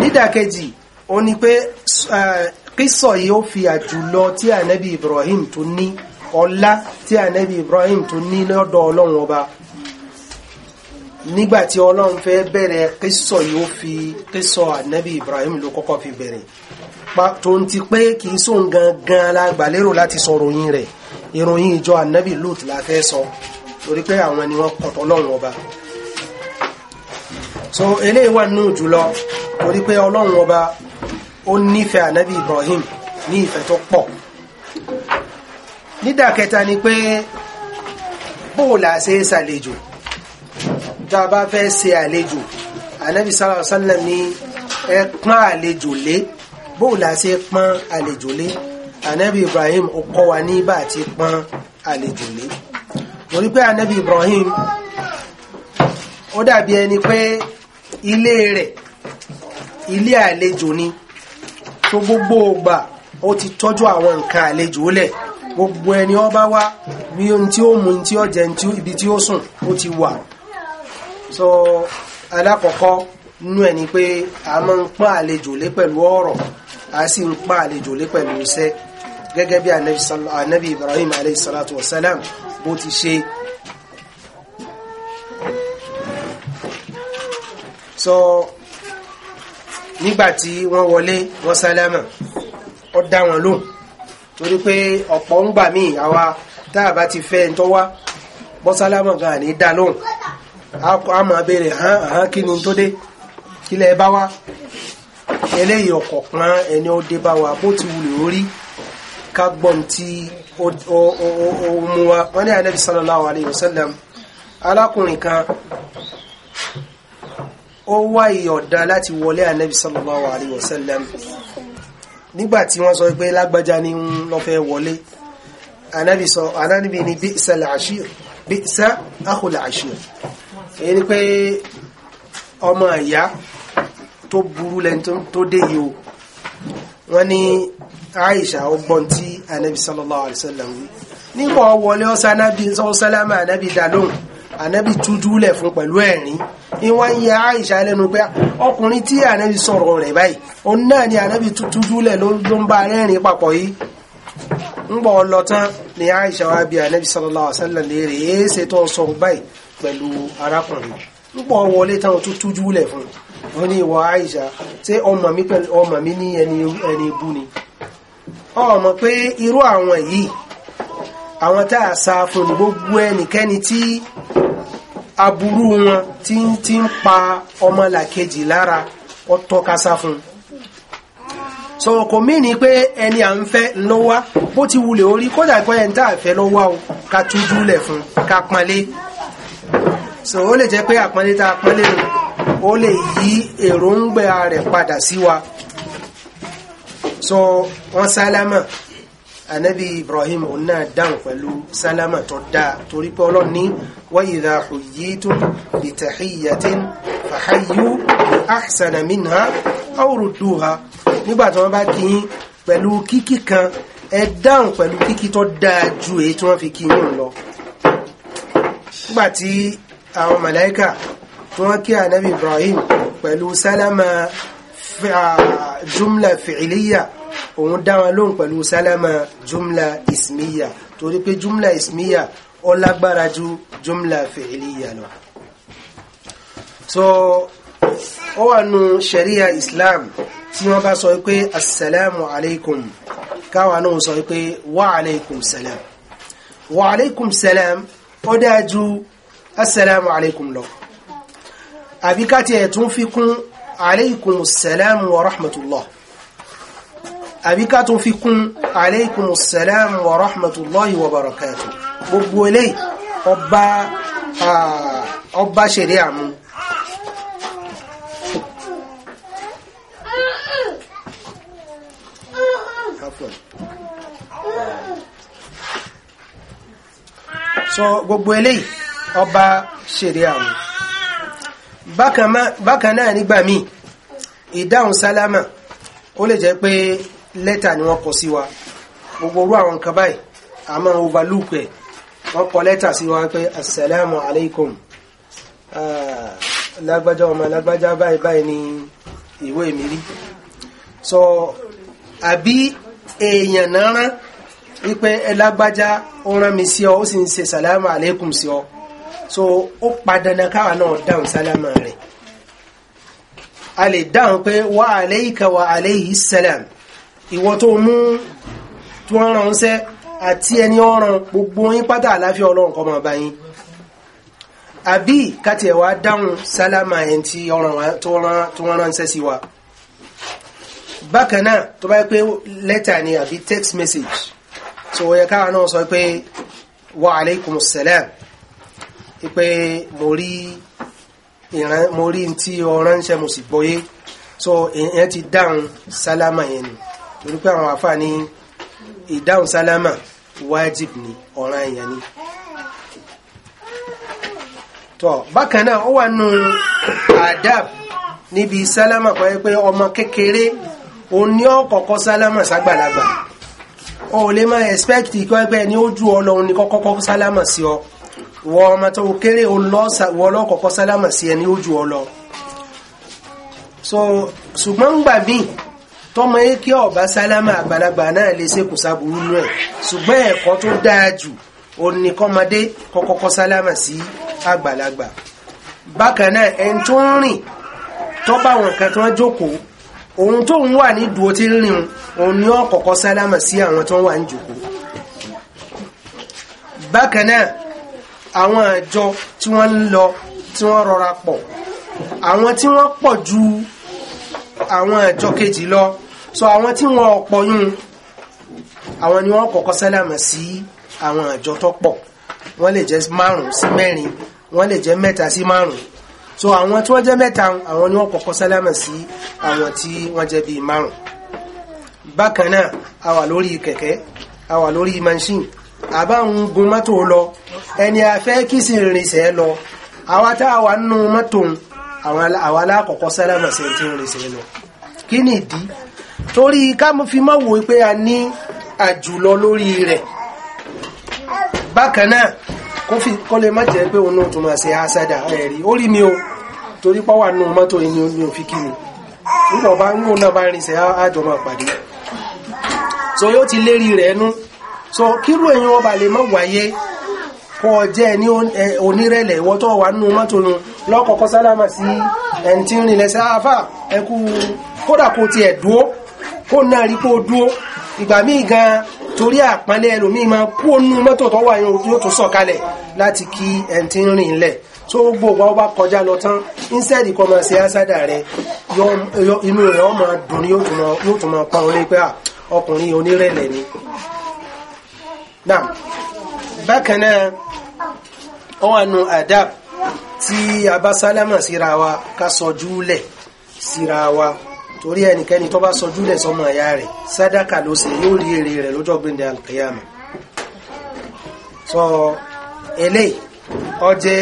nídàkejì ó ní pé kísọ̀ yìí ó fi àjùlọ tí ànábì Ibrahim tó ní ọlá tí ànábì Ibrahim tó ní lọ́dọ̀ ọlọ́run ọba nígbàtí ọlọ́run fẹ́ bere kísọ̀ yìí ó fi kísọ̀ ànábì Ibrahim ló kọ́kọ́ fi bẹ̀rẹ̀ tó ń ti pé kì í sóhun la gbàlérò láti sọ ròyìn rẹ̀ ìròyìn ìjọ ànábì Lut la fẹ́ sọ torí pé àwọn ni wọ́n kọ̀tọ̀ ọlọ́run ọba so eléyìí wà nù jùlọ torí pé ọlọ́run ọba ó nífẹ̀ẹ́ ànábì Ibrahim ní ìfẹ́ tó pọ̀ nídàkẹta ni pé bóòlà ṣe é ṣàlejò tá a bá fẹ́ ṣe àlejò ànábì sallallahu alaihi wasallam ní ẹ pọ́n àlejò lé bóòlà ṣe pọ́n àlejò lé ànábì Ibrahim ó kọ́ wa ní bá àti pọ́n àlejò lé torí pé ànábì Ibrahim ó dàbí ẹni pé ilé rẹ̀ ilé àlejò ni. Pe, so gbogbo ògbà ó ti tọ́jú àwọn nǹkan àlejò lẹ̀ gbogbo ẹni ó bá wá bí ohun tí ó mú tí ó jẹ ibi tí ó sùn ó ti wà so alákọ̀ọ́kọ́ nú ẹni pé a máa ń pọ́n àlejò lé pẹ̀lú ọ̀rọ̀ a sì ń pọ́n àlejò lé pẹ̀lú iṣẹ́ gẹ́gẹ́ bí anabi ibrahim alayhi salatu salam bó ti ṣe so nígbàtí wọ́n wọlé wọ́n sálámà ó dá wọn lóhùn torí pé ọ̀pọ̀ ń gbà míì àwa tá a bá ti fẹ́ ń tọ́ wá bọ́ sálámà gan ní dá lóhùn a máa béèrè hàn hàn kí ni tó dé kí lẹ bá wá eléyìí ọkọ̀ pọ́n ẹni ó dé bá wa bó ti wulè orí ká gbọ́n tí ó mú wa wọ́n ní Ànábì sallallahu alayhi wa sallam alákùnrin kan ó wá ìyọ̀dá láti wọlé ànábì sallallahu alaihi wasallam nígbàtí wọ́n sọ pé lágbájá ni ń lọ fẹ́ wọlé ànábì sọ ànábì ni bi'sa al-ashir bi'sa akhul ashir èyí ni pé ọmọ ìyá tó burú lẹ́ni tó dé yìí wọ́n ní Aisha ọgbọ́n tí ànábì sallallahu alaihi nígbà wọlé ọsánábì ànábì tújúlẹ̀ fún pẹ̀lú ẹ̀rín ìwọ́n ń yẹ àìṣà lẹ́nu pé ọkùnrin tí ànábì sọ̀rọ̀ rẹ̀ báyìí òun náà ni ànábì tújúlẹ̀ ló ń bá rẹ́rìn papọ̀ yìí ń bọ̀ lọ tán ni àìṣà wa bí ànábì sallallahu alaihi wasallam léèrè èé ṣe tó sọ báyìí pẹ̀lú arákùnrin ń bọ̀ wọlé tán tó tújúlẹ̀ fún un ní ìwọ àìṣà ṣé ọmọ mi pẹ̀lú ọmọ mi ní ẹni ẹni ni ọmọ pé irú àwọn yìí àwọn tá a sá fún gbogbo ẹnikẹ́ni tí aburú wọn tí ń tí ń pa ọmọlàkejì lára ọtọ́kasá fún so kò mí ni pé ẹni à ń fẹ́ lọ́wọ́ bó ti wulẹ̀ orí kódà pé ẹni tá à fẹ́ lọ́wọ́ o ká tújú lẹ̀ fún ká panlé so ó lè jẹ́ pé àpọ́nlé tá a pọ́nlé ó lè yí èròǹgbà rẹ̀ padà sí wa so wọ́n sálámà anabi ibrahim òun náà dáhùn pẹ̀lú sálámà tó dáa torí pé ọlọ́run ní wa idha huyyitum bi tahiyyatin fahayyu bi ahsana minha aw rudduha nígbà tí wọ́n bá kí yín pẹ̀lú kíkí kan ẹ dáhùn pẹ̀lú kíkí tó dáa ju èyí tí wọ́n fi kí yín lọ nígbà àwọn màláíkà tí wọ́n kí anabi ibrahim pẹ̀lú sálámà jumla fi'liya òun dá wọn lóhùn pẹ̀lú sálámà jumla ismiya torí pé jumla ismiya ó lágbára ju jumla fi'liya lọ so ó wà nù sharia islam tí wọ́n bá sọ pé assalamu alaikum káwa náà sọ pé wa alaikum salam wa alaikum salam ó dáa ju assalamu alaikum lọ àbíkátẹ̀ tún fi kún alaikum salam wa rahmatullah àbí ká tún fi kún aleikum salam wa rahmatulahi wa barakatu gbogbo eléyìí ọba ọba ṣeré àmú so gbogbo eléyìí ọba ṣeré àmú bákan náà nígbà ìdáhùn sálámà ó lè jẹ́ pé lẹ́tà ni wọ́n kọ sí wa gbogbo orú àwọn nǹkan báyìí a máa overlook ẹ̀ wọ́n kọ lẹ́tà sí wa pé assalamu alaikum ah, lágbájá ọmọ lágbájá báyìí báyìí ni ìwé mi rí so àbí èèyàn náà rán wípé ẹ lágbájá ó rán mi sí ọ ó sì ń ṣe salamu alaikum sí ọ so ó padànà káwa náà dáhùn sálámà rẹ̀ a lè dáhùn pé wa alayka wa alayhi salam ìwọ tó mú tí wọ́n rán ṣẹ́ àti ẹni ọ̀ràn gbogbo yín pátá àláfíà ọlọ́run kó máa bá yín àbí káti ẹ̀ wá dáhùn sálámà ẹni tí wọ́n rán ṣẹ́ sí wa bákan náà tó bá yẹ pé lẹ́tà ni àbí text message so ó yẹ káwọn náà sọ pé wa alaikumus salam pé mo rí ìran mo rí tí ọ̀ràn ṣẹ́ mo sì gbọ́yé so ìyẹn ti dáhùn sálámà yẹn ni torí àwọn àfáà ní ìdáhùn sálámà wájib ni ọ̀ràn èèyàn ni tọ́ bákan ó wà nù adab níbi sálámà kọ́ pé ọmọ kékeré o ní ọ̀kọ̀ọ̀kọ́ sálámà ságbàlagbà o lè máa expect kọ́ pé ẹni ó ju ọlọ́run ní kọ́kọ́kọ́ sálámà sí ọ wọ ọmọ tó kéré o sálámà sí ẹni ó ju ọlọ́ so ṣùgbọ́n gbà míì tọ́mọ yìí kí ọba sálámà àgbàlagbà náà lè ṣe kò sábúrú nù ẹ̀ ṣùgbọ́n ẹ̀kọ́ tó dáa jù onìkọ́mọdé kọ́kọ́kọ́ sálámà sí àgbàlagbà bákan náà ẹni tó ń rìn tó bá wọn kan tó ń jókòó òun tó ń wà ní dúró tí ń rìn òun ni ó kọ́kọ́ sálámà sí àwọn tó ń wà ní jókòó bákan náà àwọn àjọ tí wọ́n ń lọ tí wọ́n rọra pọ̀ àwọn tí wọ́n pọ̀ ju àwọn àjọ kejì lọ so àwọn tí wọn ọ̀pọ̀ yún àwọn ni wọ́n kọ́kọ́ sálámà sí àwọn àjọ tó pọ̀ wọ́n lè jẹ́ márùn sí mẹ́rin wọ́n lè jẹ́ mẹ́ta sí márùn so àwọn tí wọ́n jẹ́ mẹ́ta àwọn ni wọ́n kọ́kọ́ sálámà sí àwọn tí wọ́n jẹ́ bíi márùn bákan náà a wà lórí kẹ̀kẹ́ a wà lórí machine àbá ń gun mọ́tò lọ ẹni afẹ́ kí sì rìnsẹ̀ lọ àwa tá a wà nínú mọ́tò àwọn alákọ̀ọ́kọ́ sálámà sí ẹni tí ń lọ kí ni ìdí torí ká fi mọ́ wò pé a ní àjùlọ lórí rẹ̀ bákan náà kó fi kó lè má jẹ́ pé òun náà tó máa ṣe àṣàdà ẹ̀rí ó rí mi o torí pọ́wà nù mọ́tò yìí ni ó fi kí mi nígbà bá ń náà bá rinṣẹ́ àjọ máa pàdé so yóò ti lérí rẹ̀ nú so kírú èyàn ọba lè má wáyé kó jẹ́ ní onírẹ̀lẹ̀ ìwọ́ tó wà nù mọ́tò nu lọ́kọ̀ọ́kọ́ sálámà sí ẹni tí ń rìn lẹ́sẹ̀ àáfà ẹkú kódà kó tiẹ̀ dúó kó náà rí kó dúó ìgbà míì gan torí àpánlẹ̀ ẹlòmíì máa kú ònú mọ́tò tó wà yóò tún sọ̀kalẹ̀ láti kí ẹni tí ń rìn lẹ̀ tó gbogbo ọba kọjá lọ tán instead kọ́ máa ṣe ásádà rẹ inú rẹ̀ ó máa dùn yóò tún máa pa orí pé ah, ọkùnrin onírẹ̀lẹ̀ ni. bákan náà ó wà nù adab tí a bá sálámà síra wa ká sọ júlẹ̀ síra wa torí ẹnikẹ́ni tó bá sọjú lẹ̀ sọmọ ẹ̀yà rẹ̀ sàdákà ló ṣe yóò rí èrè rẹ̀ lọ́jọ́ gbẹ̀ndẹ̀ alkiyama sọ eléyìí ó jẹ́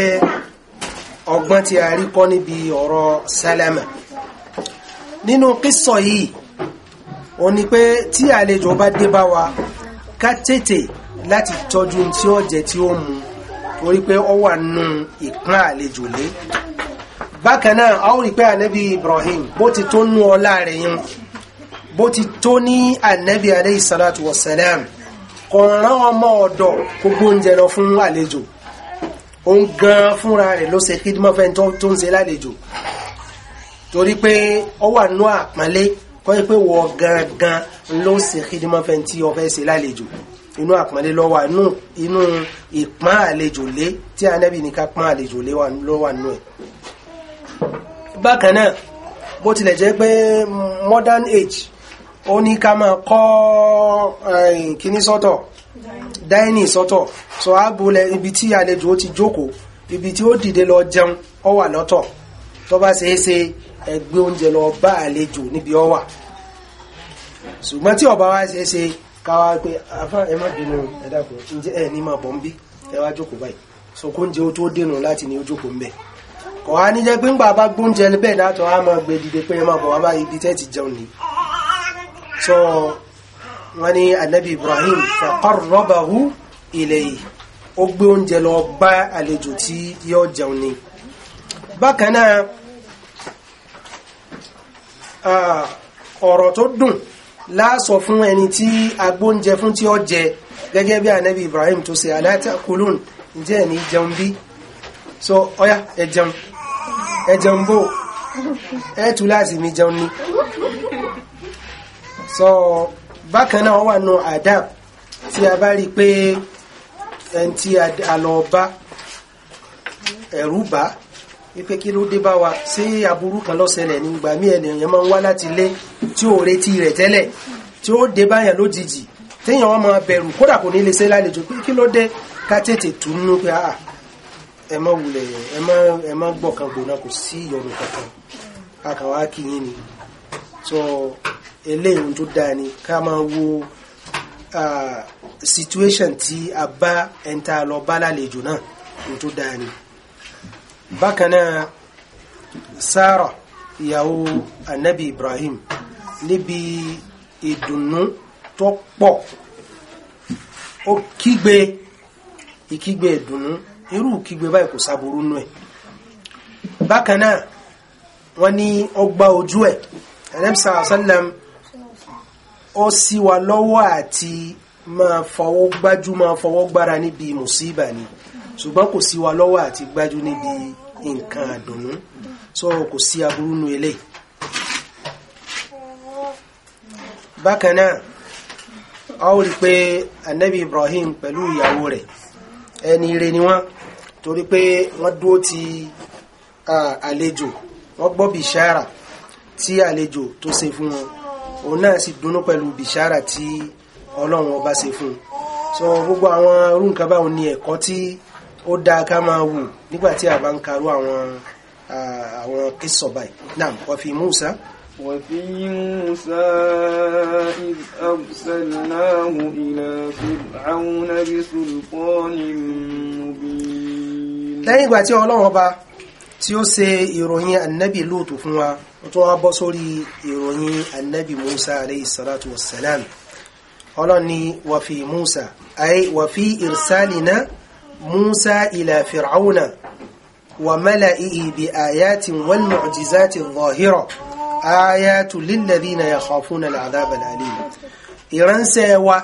ọgbọ́n tí a rí kọ́ níbi ọ̀rọ̀ sálámà nínú kísọ̀ yìí ó ní pé tí àlejò bá dé bá wa ká tètè láti tọ́jú tí ó jẹ tí ó mu torí pé ó wà nù ìpín àlejò lé bákan náà a ó rí Ibrahim bó ti tó nú ọlá rẹ̀ yẹn bó ti tó ní ànábì aleyhi salatu wa salam kò rán ọmọ ọ̀dọ̀ kó gbóúnjẹ lọ fún àlejò òun gan fúnra rẹ̀ ló ṣe kídímọ́ fẹ́ tó ń ṣe lálejò torí pé ó wà nú àpọ́nlé kọ́ ẹ pé wọ́n gangan ló ṣe kídímọ́ fẹ́ tí ó fẹ́ ṣe lálejò inú àpọ́nlé ló wà nú inú ìpọ́n àlejò lé tí ànábì ní ká pọ́n àlejò lé ló wà nú ẹ̀ bákan náà bó tilẹ̀ jẹ́ pé modern age ó ní ká máa kọ́ eh, kíní sọ́tọ̀ dáínì sọ́tọ̀ sọ ábúlẹ̀ ibi tí àlejò ti jókòó ibi tí ó dìde lọ jẹun ó wà lọ́tọ̀ tó bá ṣe é ṣe ẹgbẹ́ oúnjẹ lọ bá àlejò níbi ó wà ṣùgbọ́n tí ó bá wá ṣe é ṣe káwá pé afá ẹ má bínú ẹ dákun ẹ ní máa bọ̀ ń bí ẹ wá jókòó báyìí sọ ó tó dénú láti ní ó jókòó ń bẹ́ẹ̀ kò wá ní jẹ́ pé ńgbà bá gbóúnjẹ bẹ́ẹ̀ dátọ̀ á máa gbé dìde pé ẹ máa bọ̀ wá bá ibi tẹ́ ti jẹun ni so wọ́n ní anabi ibrahim faqarrabahu ilayhi ó gbé oúnjẹ lọ bá àlejò tí yóò jẹun ni bákan náà ọ̀rọ̀ tó dùn láàsọ fún ẹni tí agbóúnjẹ fún tí ó jẹ gẹ́gẹ́ bí anabi ibrahim tó ṣe ala ta'kulun ǹjẹ́ ẹ̀ ní jẹun bí so ọya ẹ jẹun ẹ jẹun bò ẹ tú láti mi jẹun ni so bákan náà wà nù adam tí a bá rí i pé ẹni tí a lọ bá ẹ̀rù bá wípé kí ló dé bá wa ṣé aburú kan ló ṣẹlẹ̀ nígbà mí ènìyàn máa ń wá láti ilé tí ò retí rẹ̀ tẹ́lẹ̀ tí ó dé báyàn lójijì téèyàn wọn máa bẹ̀rù kódà kò ní lè ṣe lálejò pé kí ló dé ká tètè tù nínú pé àà ẹ má wulẹ̀ ẹ má ẹ má gbọ̀kan gbòòna kò sí ìyọnu kankan akàwá kìíní ni so eléyìí tó dáa ni ká máa wo situation tí a bá ẹni tá a lọ bá lálejò náà tó dáa ni bákan náà Sárà ìyàwó anabi Ibrahim níbi ìdùnnú tó pọ̀ ó kígbe ìkígbe ìdùnnú irú kígbe báyìí kò sáburú nú ẹ̀ bákan náà wọ́n ní ọgbà ojú ẹ̀ ẹ̀lẹ́mísà sálẹ̀m ó sì wà lọ́wọ́ àti máa fọwọ́ gbájú máa fọwọ́ gbára níbi mùsíbà ni ṣùgbọ́n kò sí wa lọ́wọ́ àti gbájú níbi nǹkan àdùnnú so kò sí aburú nú eléyìí bákan náà a ó pé anabi Ibrahim pẹ̀lú ìyàwó rẹ̀ ẹni ire ni wọ́n torí pé wọ́n dúró ti àlejò wọ́n gbọ́ bìṣára tí àlejò tó ṣe fún wọn òun náà sì dúnú pẹ̀lú bìṣára tí ọlọ́run ọba ṣe fún un so gbogbo àwọn irú nǹkan báwọn ni ẹ̀kọ́ tí ó dáa ká máa wù nígbà tí a bá ń karú àwọn àwọn kìsọ̀ báyìí náà wọ́n fi Musa. وفي موسى إذ أرسلناه إلى فرعون بسلطان مبين lẹ́yìn ìgbà tí ọlọ́run ọba tí ó ṣe ìròyìn annabi lóòtù fún wa ó tún wá bọ́ sórí ìròyìn annabi musa alayhi salatu wassalam ọlọ́ni wà fi musa ay wà fi irsalina musa ila fir'auna wa mala'ihi bi ayatin wal mu'jizati zahira ayatu lilladhina yakhafuna al'adhab al'alim ìránṣẹ́ wa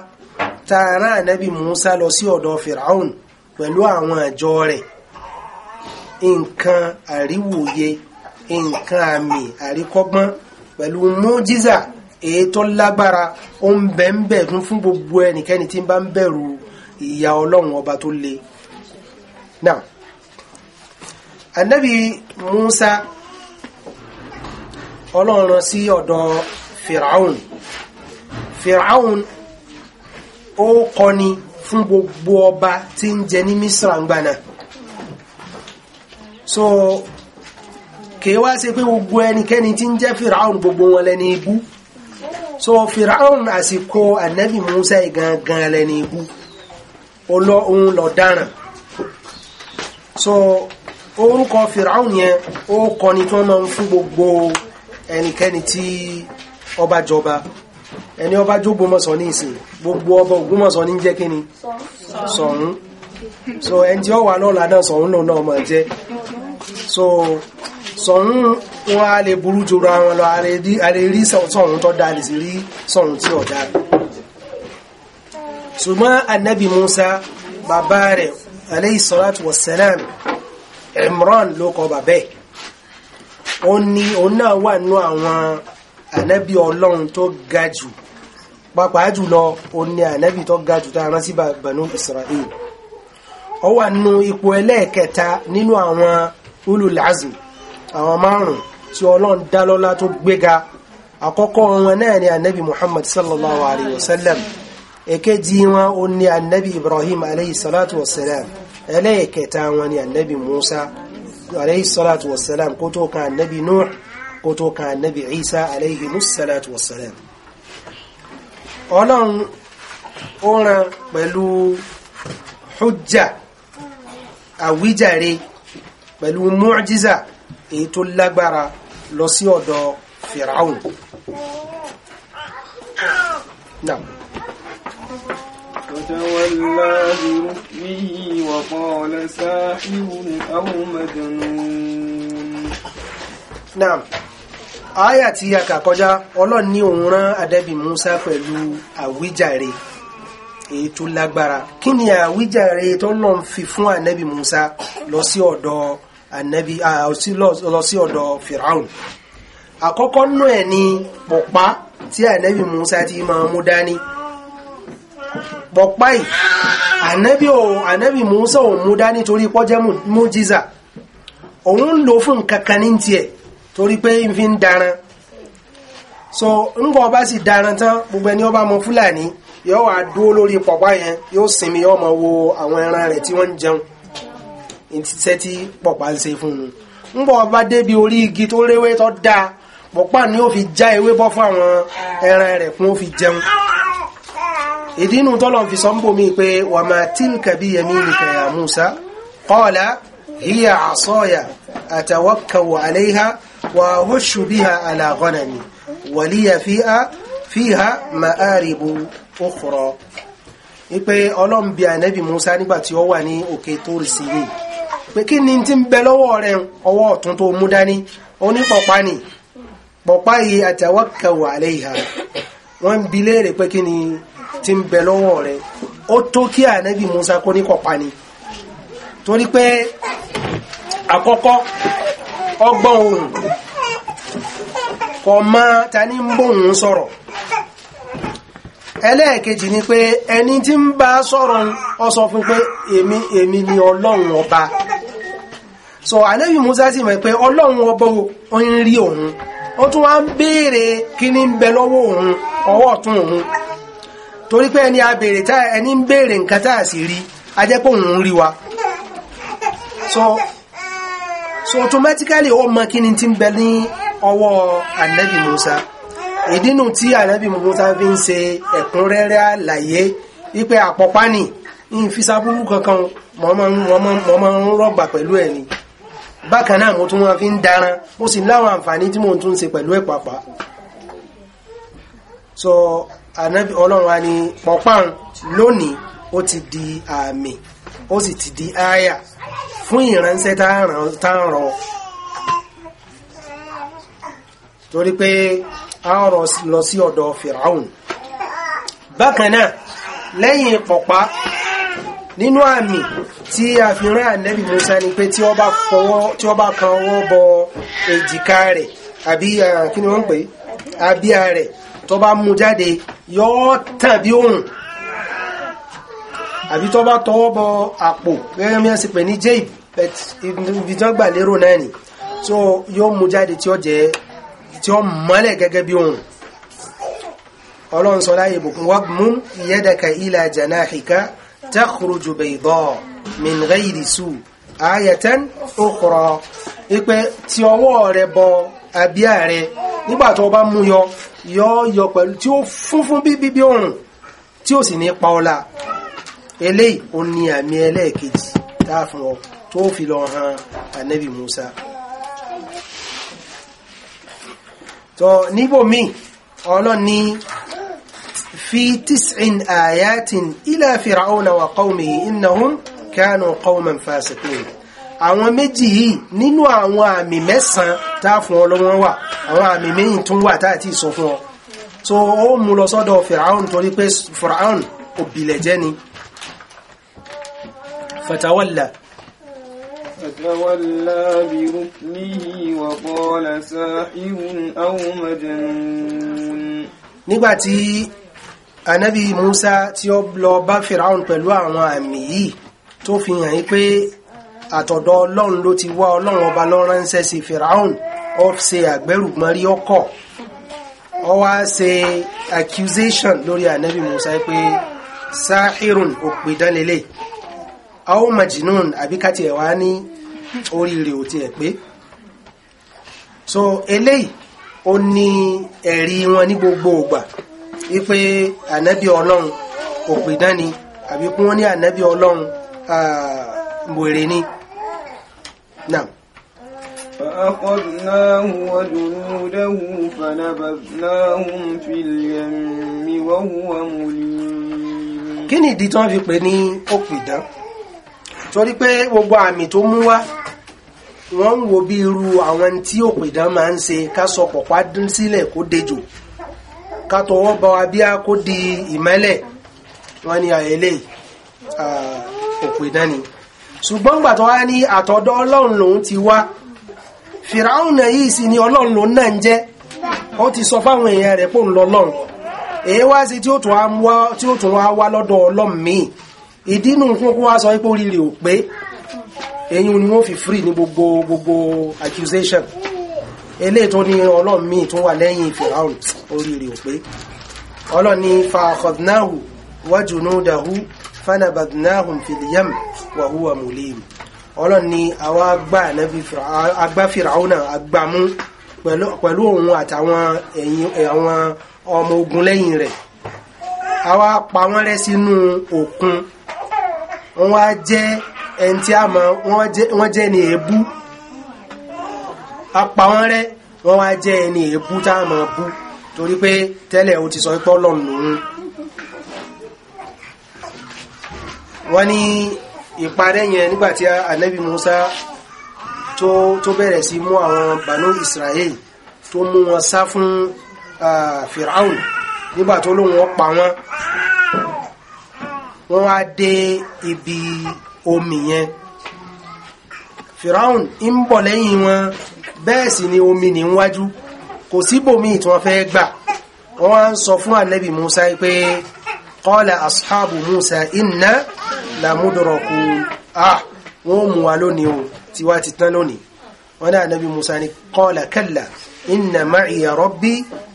tààrà annabi musa lọ sí ọ̀dọ̀ fir'aun pẹ̀lú àwọn àjọ rẹ̀ nǹkan àríwòye nǹkan àmì àríkọ́gbọ́n pẹ̀lú mújíza èyí tó lágbára ó ń bẹ ń bẹ fún gbogbo ẹnikẹ́ni tí ń bá ń bẹ̀rù ìyà ọlọ́run ọba tó le náà anabi musa ọlọ́run sí ọ̀dọ̀ firaun firaun ó kọ́ni fún gbogbo ọba tí ń jẹ ní misra ń gbà so kìí wá ṣe pé gbogbo ẹnikẹ́ni tí ń jẹ́ firaun gbogbo wọn lẹ́ni ibú so firaun àsìkò anabi musa gangan lẹ́ni ibú òun lọ dáràn so orúkọ firaun yẹn ó kọni tí wọ́n máa ń fún gbogbo ẹnikẹ́ni tí ọba jọba ẹni ọba jógbó ní ìsìn gbogbo ọba ògbómọ̀ṣọ́ ní jẹ́ kíni sọ̀rún. So, so. so so ẹni tí ó wà lọ́la náà sọ̀rún náà náà mọ̀ so sọ̀rún wọn a lè burú jù ra wọn lọ a lè rí sọ̀rún tó dáa lè sì rí sọ̀rún tí ò dáa ṣùgbọ́n anabi musa bàbá rẹ̀ alayhi salatu Salam. imran ló kọ bàbẹ́ ó ní òun náà wà nú àwọn anabi ọlọ́run tó ga jù pàápàá jùlọ òun ni anabi tó ga jù tá a rán sí israel ó wà nínú ipò ẹlẹ́ẹ̀kẹta nínú àwọn ulul azmi àwọn márùn tí ọlọ́run dá lọ́lá tó gbéga àkọ́kọ́ wọn náà ni annabi muhammad sallallahu alaihi wasallam èkejì wọn ó ní annabi ibrahim alaihi salatu wasalam ẹlẹ́ẹ̀kẹta wọn ni annabi musa alaihi salatu wasalam kó tó kan annabi nuh kó tó kan annabi isa alaihi salatu wasalam ọlọ́run ó rán pẹ̀lú hujja àwíjàre pẹ̀lú mu'jiza èyí tó lágbára lọ sí ọ̀dọ̀ fìràún náà نعم aya tí a kà kọjá ọlọ́run ní òun rán adẹ́bì Musa pẹ̀lú àwíjàre ètò tó lágbára kí ni àwíjàre tó fi fún anabi Musa lọ sí ọ̀dọ̀ ànábì lọ sí ọ̀dọ̀ Firaun àkọ́kọ́ nú ni pọ̀pá tí anabi Musa ti máa mú dání pọ̀pá yìí anabi Musa ò mú dání torí pọ́jẹ́ mújíza òun ń lò fún ní tiẹ̀ so ń ọba sì daran tán gbogbo ẹni ọba mọ Fúlàní yóò wá dúró lórí pọ̀pá yẹn yóò sinmi yóò máa wo àwọn ẹran rẹ̀ tí wọ́n ń jẹun iṣẹ́ tí pọ̀pá ń ṣe fún un ń bọ̀ bá débi orí igi tó réwé tó dáa pọ̀pá ni ó fi já ewé bọ́ fún àwọn ẹran rẹ̀ fún ó fi jẹun ìdí inú tọ́lọ̀ fi sọ ń bò mí pé wà máa tí ń kàbí yẹmí nìkà yà Musa qala hiya asaya atawakkau alayha wa hushu biha ala ghanami waliya fiha fiha ma'aribu ukhra wípé ọlọ́run bi Musa nígbàtí ọ wà ní òkè Tóòrì sílẹ̀ pé kí ni ti ń bẹ lọ́wọ́ rẹ ọwọ́ ọ̀tún tó mú dání ní pọ̀pá ni pọ̀pá yìí atawakkau alayha wọ́n ń bi léèrè pé kí ni ti ń bẹ ẹlẹ́ẹ̀kejì ni pé ẹni tí ń bá sọ̀rọ̀ ọsọ fún pé èmi ni ọlọ́run ọba so ànábì Musa sì mọ̀ pé ọlọ́run ọba ó ń rí òun ó tún wá ń béèrè kí ní ń bẹ lọ́wọ́ òun ọwọ́ ọ̀tún òun torí pé ẹni abèrè tá a sì rí a jẹ́ wa so so automatically ó mọ kí ti ń bẹ ní ọwọ́ Musa. ìdínú tí ànábì Mùsá fi ń ṣe ẹ̀kúnrẹ́rẹ́ àlàyé wípé àpọ̀pá ni ìfisaburú kankan mọ́ máa ń rọ̀gbà pẹ̀lú ẹ̀ ni bákan náà mo tún wọn fi ń daran mo sì láwọn àǹfààní tí mo tún ń ṣe pẹ̀lú ẹ̀ pàpà so ànábì ọlọ́run wa ni pọ̀pán lónìí ó ti di àmì ó sì ti di àyà fún ìránṣẹ́ tá ń rọ torí pé a lọ sí ọ̀dọ̀ firaun bákan náà lẹ́yìn pọ̀pá nínú àmì tí a fi rán ànẹ́bì musa ni pé tí ó bá kan ọwọ́ bọ èjìká rẹ̀ àbí kí ni wọ́n pè abíyá rẹ̀ tó bá mú jáde yóò tàn bí òun àbí tó bá tọwọ́ bọ àpò gẹ́gẹ́ bí wọ́n sì pè ní jabe ibi tí wọ́n gbà lérò náà ni so yóò mú jáde tí ó jẹ́ tí ó mọ́lẹ̀ gẹ́gẹ́ bí òun ọlọ́run sọ láyé ìbùkún wagmum yadaka ila janahika takhruju bayda min ghayri su ayatan ukhra ipe tí ọwọ́ rẹ bọ abíyá rẹ nígbà tó bá mú yọ yọ yọ pẹ̀lú tí ó funfun bí bíbí òrùn tí ó sì ní pa ọlá eléyìí ó ní àmì ẹlẹ́ẹ̀kejì tá fún ọ tó fi lọ hàn ànábì Musa. so níbòmí ọlọ́n ní fi tis'in ayatin ila fir'auna wa qawmihi innahum kanu qawman fasiqin àwọn méjì yìí nínú àwọn àmì mẹ́sàn tá fún ọ lọ́wọ́ wà àwọn àmì mẹ́yìn tún wà tá àti ìsọ fún ọ so ó mú lọ sọ́dọ̀ fìràún torí pé fìràún òbílẹ̀ jẹ́ ni fatawalla فتولى بركنه وقال ساحر أو مجنون nígbàtí anabi musa tí ó lọ bá firaun pẹ̀lú àwọn àmì yìí tó fi hàn yí pé àtọ̀dọ̀ ọlọ́run ló ti wá ọlọ́run ọba ló ránṣẹ́ sí firaun ó ṣe àgbẹ́rùgbọ́nrí ọkọ̀ ó wá ṣe accusation lórí anabi musa pé sáhírùn òpìdánlélẹ̀ àwọn majinun àbíkàtì ẹ̀wá ní oríire ò tiẹ̀ pé so eléyìí ó ní ẹ̀rí wọn ní gbogbo ògbà wípé ànábì ọlọ́run òpìdán ni àbí kún wọn ní ànábì ọlọ́run wèrè ni náà. فأخذناه وجنوده فنبذناهم في اليم وهو مليم kí ni ìdí tí wọ́n fi torí pé gbogbo àmì tó mú wá wọ́n ń wo bí irú àwọn tí òpìdán máa ń ṣe ká sọ pọ̀pá dín sílẹ̀ kó dejò ká tọwọ́ bá wa bí a kó di ìmẹ́lẹ̀ wọ́n ní àyẹ̀lẹ̀ òpìdán ni ṣùgbọ́n gbà tó wá ní àtọ̀dọ̀ ọlọ́run lòun ti wá fìràún yìí sì ni ọlọ́run lòun náà ń jẹ́ ó ti sọ fáwọn èèyàn rẹ̀ pò ń lọ lọ́run èyí wá sí tí ó tún wá wá lọ́dọ̀ ọlọ́run míì ìdínú fún kó wá sọ ipò rírì ò pé ẹ̀yìn ni wọ́n fi free ní gbogbo gbogbo accusation eléyìí tó ní ọlọ́run míì tó wà lẹ́yìn fìràhùn oríire ò pé ọlọ́run ní fa akhadnahu wa junudahu fanabadnahum fil yam wa huwa mulim ọlọ́run ní àwa agbá fìràhùn náà agbámú pẹ̀lú òun àtàwọn ọmọ ogun lẹ́yìn rẹ̀ àwa pa wọ́n rẹ́ sínú òkun wọ́n á jẹ́ ẹni tí a mọ̀ wọ́n jẹ́ ní èébú apá wọn rẹ́ wọ́n á jẹ́ ẹni èébú tá a mọ̀ bú torí pé tẹ́lẹ̀ o ti sọ pé ọlọ́run lòun wọ́n ní ìparẹ́ yẹn nígbàtí anabi musa tó tó bẹ̀rẹ̀ sí mú àwọn banu israel tó mú wọn sá fún ah, firaun nígbà tó lóun ó pa wọn wọ́n wá dé ibi omi yẹn firaun ń bọ̀ lẹ́yìn wọn bẹ́ẹ̀ sì ni omi ní wájú kò síbòmí tí wọ́n fẹ́ gbà wọ́n wá ń sọ fún ànábì musa pé qala ashabu musa inna lamudraku ah wọ́n mú wa lónìí o tiwa ti tán lónìí wọ́n ní ànábì musa ní qala kalla inna ma'iya rabbi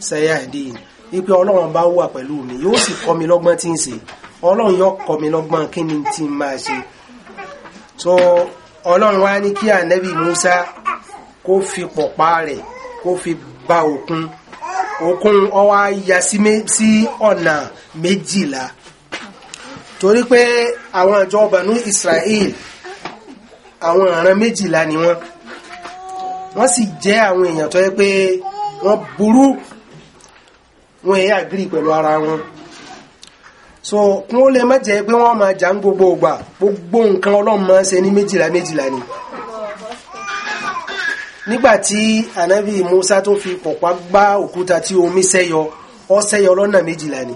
sayahdin ipe ọlọ́run bá wà pẹ̀lú mi yóò sì kọ́ mi lọ́gbọ́n tí ń ṣe ọlọ́run yọ kọ́ mi lọ́gbọ́n kí ni tí n máa ṣe so ọlọ́run wá ní kí ànábì Musa kó fi pọ̀pá rẹ̀ kó fi ba òkun òkun ó wá ya sí ọ̀nà méjìlá torí pé àwọn ìjọ Banu Israel àwọn ìran méjìlá ni wọ́n wọ́n sì jẹ́ àwọn èèyàn tó yẹ pé wọ́n burú wọ́n èyí àgírí pẹ̀lú ara wọn so kún ó lè má jẹ́ pé wọ́n máa jà ń gbogbo ògbà gbogbo nǹkan ọlọ́run máa ń ṣe ní méjìlá méjìlá ni nígbàtí ànábì Musa tó fi pọ̀pá gbá òkúta tí omi sẹ́yọ ó sẹ́yọ lọ́nà méjìlá ni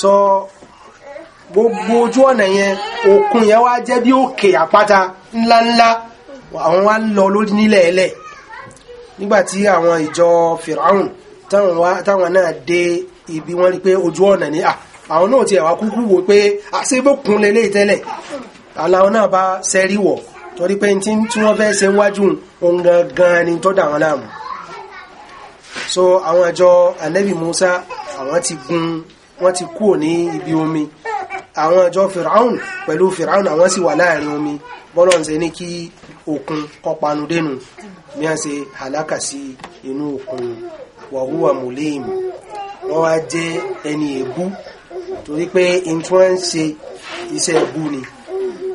so gbogbo ojú ọ̀nà yẹn òkun yẹn wá jẹ́ bí òkè àpáta ńláńlá àwọn wá ń lọ lórí nílẹ̀ ẹlẹ̀ nígbàtí àwọn ìjọ Fìràhùn táwọn náà dé ibi wọ́n rí pé ojú ọ̀nà ni ah, àwọn náà ti ẹ̀wà kúkú wò pé àṣebókun ah, lélẹ́ tẹ́lẹ̀ aláwọn náà bá sẹ́rí wọ̀ torí pé tí wọ́n fẹ́ ṣe wájú ohun gangan ni tó dà wọ́n láàmú so àwọn àjọ Ànábì Musa àwọn ti gun wọ́n ti kúrò ní ibi omi àwọn àjọ Firaun pẹ̀lú Firaun àwọn sì wà láàrin omi bọ́lọ̀ ń ṣe ní kí òkun kọpanu dénú bí wọ́n ṣe hàlákà sí inú òkun wàhúwà mùléèmù wọ́n wá jẹ́ ẹni èébú torí pé in tí wọ́n ń ṣe iṣẹ́ èébú ni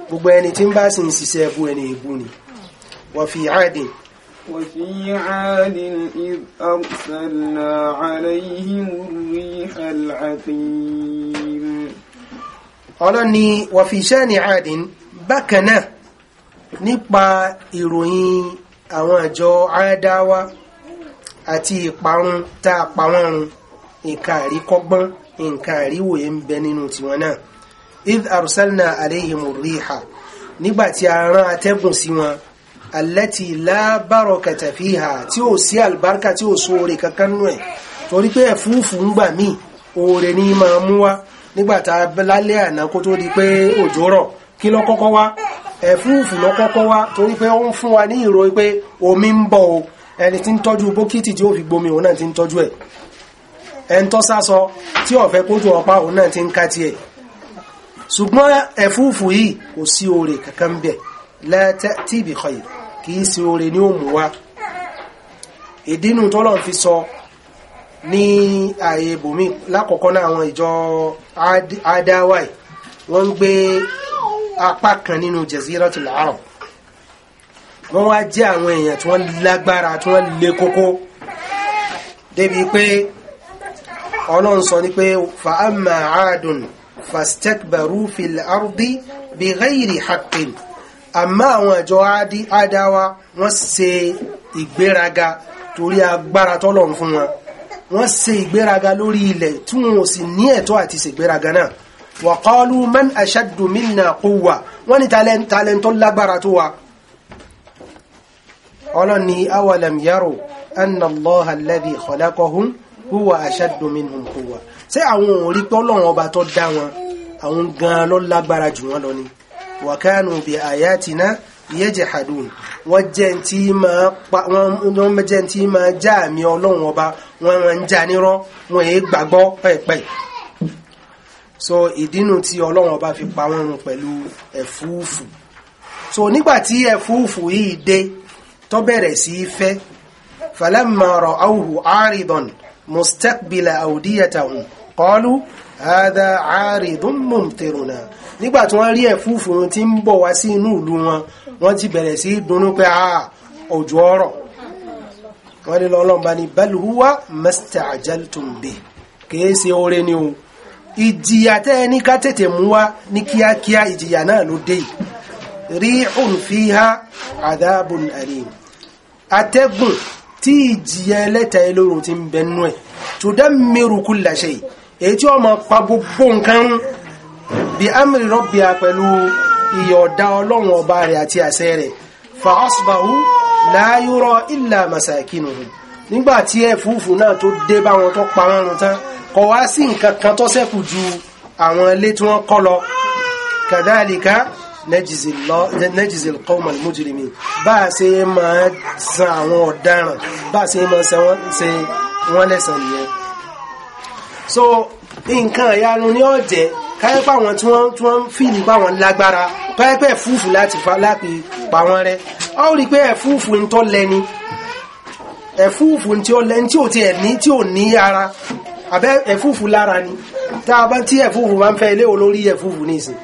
gbogbo ẹni tí ń bá sì ń ṣiṣẹ́ èébú ẹni èébú ni wọ́n fi àádìn وفي عاد إذ أرسلنا عليهم الريح العقيم ọlọ́run ni wàfíṣẹ́ ni àádín bákan náà nípa ìròyìn àwọn àjọ àádáwá àti ìparun tá a pa wọ́n run nǹkan àríkọ́gbọ́n nǹkan àríwòye ń bẹ nínú tiwọn náà id arsalna alayhim riha nígbà a rán atẹ́gùn sí wọn allati la barakata tí ò sí àlùbáríkà tí ò sóore kankan nù ẹ̀ torí pé ẹ̀fúùfù ń gbà míì oore ní máa mú wá nígbà lálẹ́ àná kó tó di pé òjò rọ̀ kí ló kọ́kọ́ wá ẹ̀fúùfù ló torí pé ó fún wa ní ìròyìn pé omi ń bọ̀ o ẹni tí ń tọ́jú bókítì tí fi gbomi òun náà ti ń ẹ̀ńtọ́ sásọ tí ọ̀fẹ́ kójú ọ̀pá òun náà ti ń ká tiẹ̀ ṣùgbọ́n ẹ̀fúùfù yìí kò sí oore kankan bẹ̀ lẹ́tẹ́ tí ìbí kọyì kì í sí oore ní òmù wa ìdínú tọ́lọ̀ fi sọ ní ààyè bòmí lákọ̀ọ́kọ́ náà àwọn ìjọ adáwáì wọ́n ń gbé apá kan nínú jaziratul arab wọ́n wá jẹ́ àwọn èèyàn tí wọ́n lágbára tí wọ́n le kókó débi pé ọlọ́run sọ ní pé fa amma aadun fastakbaru fil ardi bi ghayri haqqin àmá àwọn àjọ ádáwá wọ́n ṣe ìgbéraga torí agbára tọ́lọ́run fún wọn wọ́n ṣe ìgbéraga lórí ilẹ̀ tí wọn sì ní ẹ̀tọ́ àti ṣègbéraga náà wa man ashaddu minna quwwa wọ́n ní talẹ́ntọ́ lágbára tó wa ọlọ́ni awalam yaro anna alladhi khalaqahum huwa ashaddu minhum quwwa ṣé àwọn ò rí pé Ọlọ́run ọba tó dá wọn àwọn gan-an ló lágbára jù wọ́n lọ ni wa kanu bi ayatina yajhadun wọ́n jẹ́ tí máa pa wọ́n jẹ́ tí máa já àmì Ọlọ́run ọba wọ́n ń já nírọ́ wọ́n èé gbàgbọ́ pẹ́ẹ̀pẹ́ẹ̀ so ìdínú tí Ọlọ́run ọba fi pa wọ́n run pẹ̀lú ẹ̀fúùfù so nígbàtí ẹ̀fúùfù yìí dé tó sí í fẹ́ falamma ra'awhu 'aridan mustaqbila awdiyatahum qalu hadha aridun mumtiruna nígbà tí wọ́n rí ẹ̀fúùfù tí ń bọ̀ wá sí inú ìlú wọn wọ́n ti bẹ̀rẹ̀ sí dunnú pé a òjò ọ̀rọ̀ wọ́n ní lọ́lọ́n bá ní bal huwa masta'jaltum bih kìí ṣe oore ni o ìjìyà tẹ́ ẹ ká tètè mú wá ní kíákíá ìjìyà náà ló dé yìí rihun fiha adhabun atẹ́gùn tí ìjìyà ẹlẹ́ta ẹlórun ti ń bẹnú ẹ̀ tudammiru kulla shay èyí tí ó máa pa gbogbo nǹkan bí amri rabbiha pẹ̀lú ìyọ̀dá ọlọ́run ọba rẹ̀ àti àṣẹ rẹ̀ fa asbahu la yura illa masakinuhum nígbà tí ẹ̀fúùfù náà tó dé bá wọn tó pa wọn tán kò wá sí nǹkan kan tó ṣẹ́kù ju àwọn ilé tí wọ́n kọ́ lọ kadhalika nẹ́jìzì kọ́ọ̀mọ̀ lójúrìmí bá a ṣe máa san àwọn ọ̀daràn bá a ṣe máa ṣe wọ́n lẹ́sàn nìyẹn so nǹkan ìyanu ní ọ̀jẹ̀ káyẹ́pẹ́ àwọn tí wọ́n tí wọ́n fi nípa àwọn lágbára káyẹ́pẹ́ ẹ̀fúùfù láti fa láti pa wọ́n rẹ́ ọ rí i pé ẹ̀fúùfù ń tọ́ lẹ́ni ẹ̀fúùfù tí ó lẹ́ni tí ò ti ẹ̀ní tí ò ní ara àbẹ́ ẹ̀fúùfù lára ni tí ẹ̀fúùfù máa ń fẹ́ ilé olórí ẹ̀fúùfù nísìnyí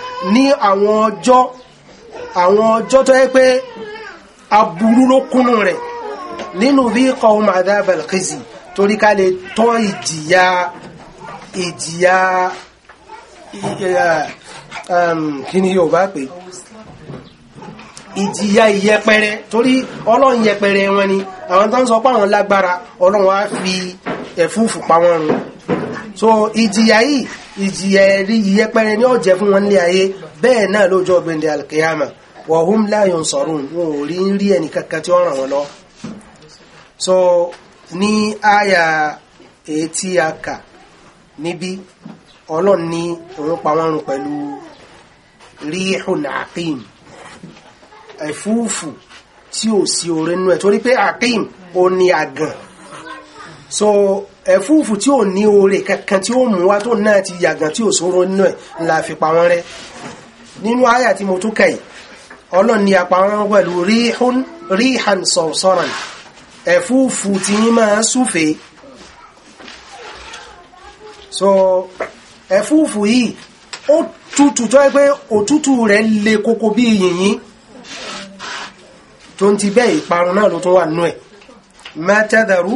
ní àwọn ọjọ́ àwọn ọjọ́ tó yẹ pé aburú ló kúnnù rẹ̀ nínú bí qawm adhabal khizi torí ká lè tọ́ ìjìyà ìjìyà um, kí ni yóò bá pè ìjìyà ìyẹpẹrẹ torí ọlọ́run yẹpẹrẹ wọn ni àwọn tó ń sọ pé àwọn lágbára ọlọ́run á fi ẹ̀fúùfù pa wọn run so ìjìyà yìí ìjìyà ẹ̀rí ìyẹpẹrẹ ní ọ̀jẹ̀ fún wọn ní ayé bẹ́ẹ̀ náà lọ́jọ́ ọgbẹ̀ndẹ̀ alkiyama wa hum la yunsarun wọn ò rí rí ẹni kankan tí ó ràn wọn lọ so ní àyà ètí aka níbi ọlọ́run ní òun pa wọ́n run pẹ̀lú rihun aqim ẹ̀fúùfù tí ò sí orin nú ẹ̀ torí pé aqim ó ní àgàn so ẹ̀fúùfù tí ò ní oore kankan tí ó mú wá tó náà ti yàgàn tí ò sóró nínú ẹ̀ la fi pa wọ́n rẹ́ nínú àyà tí mo tún kà yìí ọlọ́run ni apá wọn pẹ̀lú ríhan sọ̀sọ̀ràn ẹ̀fúùfù tí yín máa súfe so ẹ̀fúùfù yìí ó tutù tó pé òtútù rẹ̀ le koko bí yìnyín tó ń ti bẹ́ẹ̀ ìparun náà ló tún wà nínú ẹ̀ mẹ́tẹ́dẹ̀rú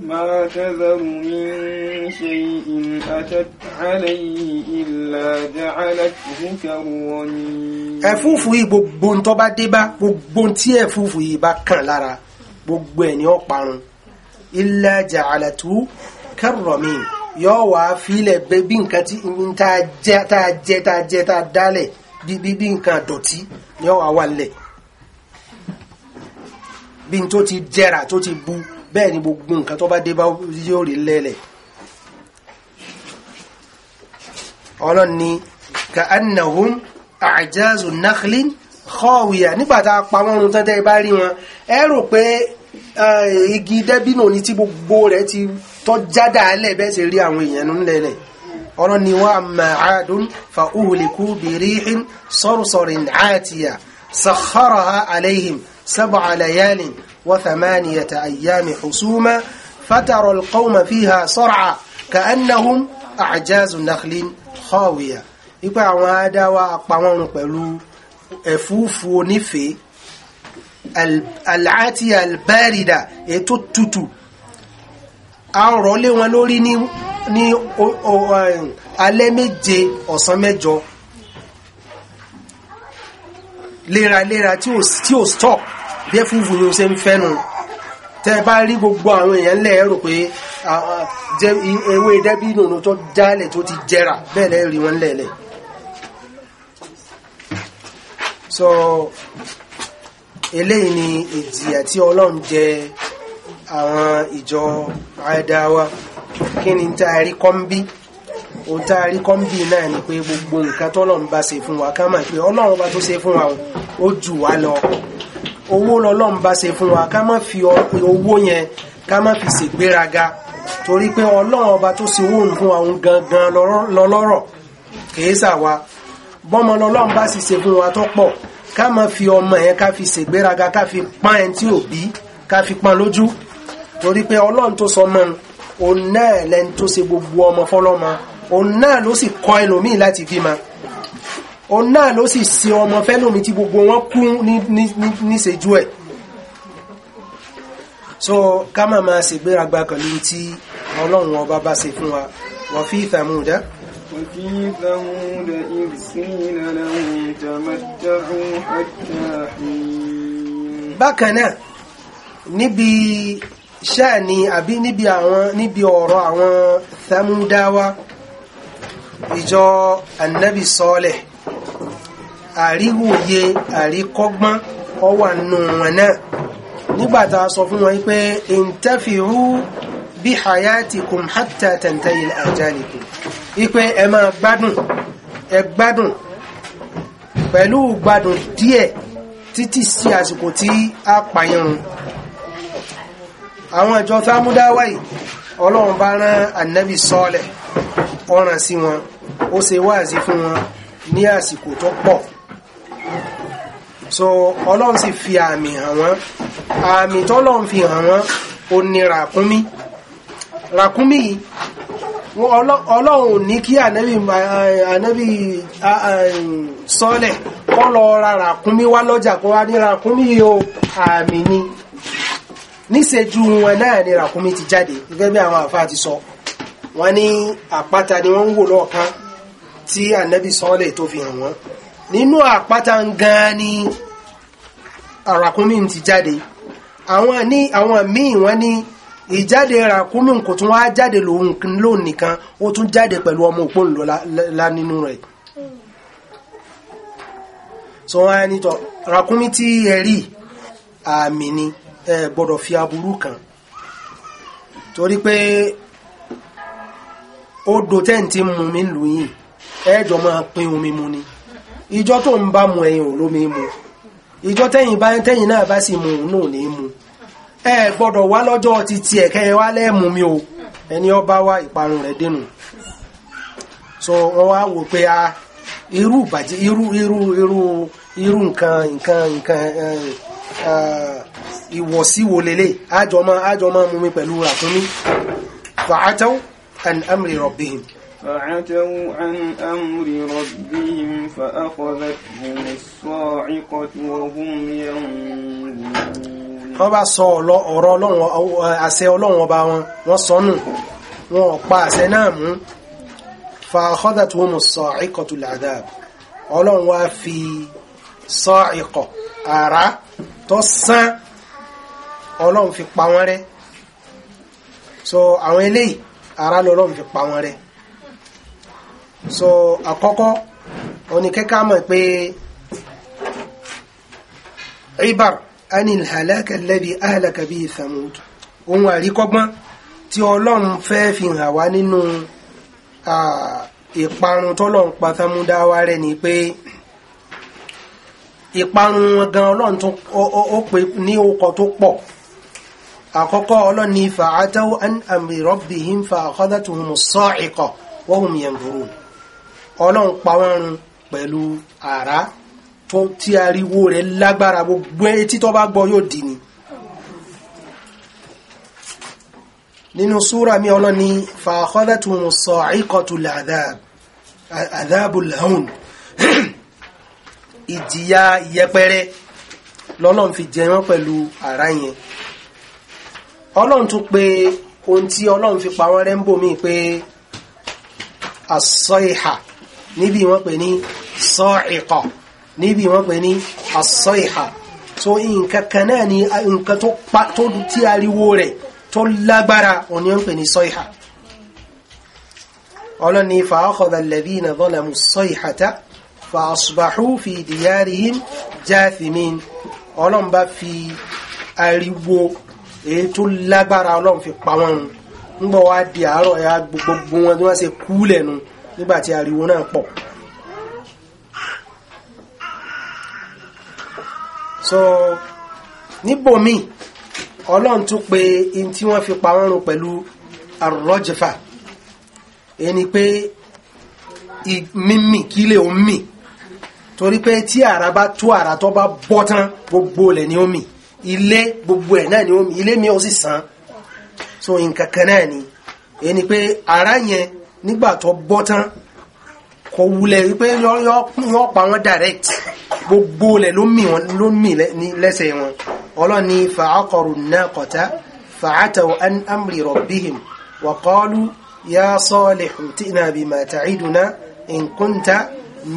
ما تذر من شيء أتت عليه إلا جعلته كالرميم ẹ̀fúùfù yìí gbogbo ń tó bá dé bá gbogbo tí ẹ̀fúùfù yìí bá kàn lára gbogbo ẹ̀ ni ó parun إلا جعلته كالرميم yóò wá filẹ̀ bẹ bí nǹkan tí n ta jẹ ta jẹ ta jẹ ta dálẹ̀ bí bí nǹkan dọ̀tí yóò wá wà lẹ̀ bí n tó ti jẹrà tó ti bu bẹ́ẹ̀ ni gbogbo nǹkan tó bá dé bá yóò rí lẹ́lẹ̀ ọlọ́run ni ka annahum àjáàzù nakhlin khawiya nígbàtà pamọ́run tán tẹ́ bá rí wọn ẹ rò pé igi dẹ́bínà ní tí gbogbo rẹ̀ ti tọ́ jádà alẹ́ bẹ́ẹ̀ sì rí àwọn èèyàn ń lẹ́lẹ̀ ọlọ́run ni wa amma àádùn fa uhliku bi rihin sarsarin àtìyà sakharaha alayhim sab'a layalin وثمانية أيام حسوما فترى القوم فيها صرعى كأنهم أعجاز نخل خاوية ipa àwọn adáwà apamọ́run pẹ̀lú ẹ̀fúùfù onífẹ́ àti albẹ́rìdà ètò tútù àrọ̀ lé wọn lórí ní alẹ́ méje ọ̀sán mẹ́jọ léraléra tí ó stop bí fúfú ni ó ṣe ń fẹ́nu tẹ́ bá rí gbogbo àwọn èèyàn lẹ́ẹ̀rò pé ewé dẹ́bí nùnú tó jálẹ̀ tó ti jẹrà bẹ́ẹ̀ lẹ́ẹ̀ rí wọn lẹ́ẹ̀lẹ̀ so eléyìí ni ìjìyà tí ọlọ́run jẹ àwọn ìjọ àdáwà kí ni tá a rí kọ́ńbí ohun tá a rí kọ́ńbí náà ni pé gbogbo nǹkan tọ́lọ́run bá ṣe fún wa ká mọ̀ pé ọlọ́run bá tó ṣe fún wa ó jù wá lọ owó lọ́lọ́run bá ṣe fún wa ká má fi owó yẹn ká má fi ṣègbéraga torí pé ọlọ́run ọba tó ṣe owó òun fún wa òun gangan lọ́lọ́rọ̀ kìí ṣàwa bọ́mọ lọ́lọ́run bá sì ṣe fún wa tó pọ̀ ká má fi ọmọ yẹn ká fi ṣègbéraga ká fi pán ẹni tí ò bí ká fi pán lójú torí pé ọlọ́run tó sọ mọ́ òun náà lẹni tó ṣe gbogbo ọmọ fọlọ́mọ òun náà ló sì kọ́ ẹlòmíì láti bímọ òun náà ló sì sin ọmọ fẹ́lómi tí gbogbo wọn kú níṣejú ẹ̀ so ká máa máa ṣègbéraga pẹ̀lú tí ọlọ́run ọba bá ṣe fún wa wọ́n fi ìfàmúdá وفي ثمود إذ قيل لهم تمتعوا حتى حين bákan náà níbi ṣáàní àbí níbi àwọn níbi ọ̀rọ̀ àwọn Thamudawa ìjọ annabi sọ́ọ̀lẹ̀ àríwòye àríkọ́gbọ́n ọ wà nù wọn náà nígbàtà sọ fún wọn pé intafiru bí hayatikum hatta tantahi ajalikum ipe ẹ máa gbádùn ẹ gbádùn pẹ̀lú gbádùn díẹ̀ títí sí àsìkò tí a pàyẹrun àwọn ìjọ támúdáwà ọlọ́run bá rán ànábì sọ́ọ̀lẹ̀ ọ̀ràn sí wọn ó ṣe wáàsí fún wọn ní àsìkò tó pọ̀ so ọlọ́run sì fi àmì hàn wọ́n àmì tọ́lọ́run fi hàn wọ́n ó ní ràkúnmí ràkúnmí yìí ọlọ́run ní kí ànábì sọ́lẹ̀ kọ́ lọ ra ràkúnmí wá lọ́jà kó wá ní ràkúnmí o àmì ni níṣẹ́jú wọn náà ni ràkúnmí ti jáde gẹ́gẹ́ bí àwọn àfáà ti sọ wọ́n ní àpáta ni wọ́n ń wò lọ́ọ̀kan tí ànábì sọ́ọ́lẹ̀ tó fi hàn wọ́n nínú àpáta gan ni àràkúnmí ti jáde àwọn ní àwọn míì wọ́n ní ìjáde ràkúnmí kò tún wá jáde lóun nìkan ó tún jáde pẹ̀lú ọmọ òpó ńlọ nínú rẹ̀ so wọ́n á nítọ̀ ràkúnmí tí ẹ rí àmì ni ẹ gbọ́dọ̀ fi aburú kan torí pé ó do tẹ́ǹtì mú mi lù yìí ẹjọ́ máa pín omi mu ni ìjọ tó ń bá mu ẹ̀yin ò lómi mu ìjọ tẹ́yìn bá tẹ́yìn náà bá sì mu òun náà ní mu ẹ gbọ́dọ̀ wá lọ́jọ́ ti tiẹ̀ kẹ́ ẹ wá lẹ́ẹ̀mú mi o ẹni ó bá wá ìparun rẹ̀ dẹnu so wọ́n wá wò pé a ah, irú ìbàjẹ́ irú irú irú irú nǹkan nǹkan nǹkan ìwọ̀síwò lélẹ̀ àjọmọ́ àjọmọ́ mú mi pẹ̀lú ràtúnmí fàátẹ́wò and amri rabbihim فعتوا عن أمر ربهم فأخذتهم الصاعقة وهم ينظرون wọ́n bá sọ ọ̀rọ̀ ọlọ́run àṣẹ ọlọ́run ọba wọn wọ́n sọnù wọn ò pa àṣẹ náà mú فأخذتهم الصاعقة العذاب ọlọ́run wá fi صاعقة àrá tó sán ọlọ́run fi pa wọ́n rẹ́ so àwọn eléyìí àrá lọ́lọ́run fi pa wọ́n rẹ́ so àkọ́kọ́ oníkẹ́kà mọ̀ pé ibar anil halaka alladhi ahlaka bihi thamud ohun àríkọ́gbọ́n tí ọlọ́run fẹ́ fi hàn wá nínú ìparun tọ́lọ́run pa thamudawa rẹ̀ ni pé ìparun wọn gan ọlọ́run tó ó pè ní okọ̀ tó pọ̀ àkọ́kọ́ ọlọ́run ni fa'ataw an amri rabbihim fa akhadhatuhum as-sa'iqa wa hum yanzurun ọlọ́run pa wọ́n run pẹ̀lú àrá tí ariwo rẹ̀ lágbára gbogbo etí tó bá gbọ́ yóò dì ní nínú súra mi ọlọ́ ni fàkọ́dẹ̀tún sọ̀íkọ̀tù àdábùlhún ìjìyà yẹpẹrẹ lọ́lọ́n fi jẹ wọ́n pẹ̀lú àrá yẹn ọlọ́n tún pé ohun tí ọlọ́n fi pa wọ́n rẹ́ ń bò mí pé asọ́ ìhà níbi wọ́n pè ní sa'iqa níbi wọ́n pè ní as-sayha so nǹkan kan náà ni nǹkan tó pa tó ti ariwo rẹ̀ tó lágbára òní wọ́n pè ní sayha ọlọ́ni fa akhadha alladhina zalamu as-sayhata fa asbahu fi diyarihim jathimin ọlọ́n bá fi ariwo èyí tó lágbára ọlọ́n fi pa di àárọ̀ ya gbogbo wọn tí wọ́n ṣe kú lẹ́nu nígbàtí ariwo náà pọ̀ so níbòmí ọlọ́run tún pé in tí wọ́n fi pa wọ́n run pẹ̀lú arọ́jẹfà ẹni pé mímì kílẹ̀ òun mì torí pé tí àrà bá tú àrà tó bá bọ́ tán gbogbo ilẹ̀ ni ó mì ilé gbogbo ẹ̀ náà ni ó mì ilé mi ó sì sàn so nǹkan kan náà ni ẹni pé ara yẹn nígbà tó bọ́ tán kò wulẹ̀ wípé yọ́ pa wọn direct gbogbo lẹ̀ ló mì wọn ló mì lẹ́sẹ̀ wọn ọlọ́run ni fàákọrù náà kọ̀tá fàátàwọ̀ an amri rabbihim wa qalu ya salihu ti'na bima ta'iduna in kunta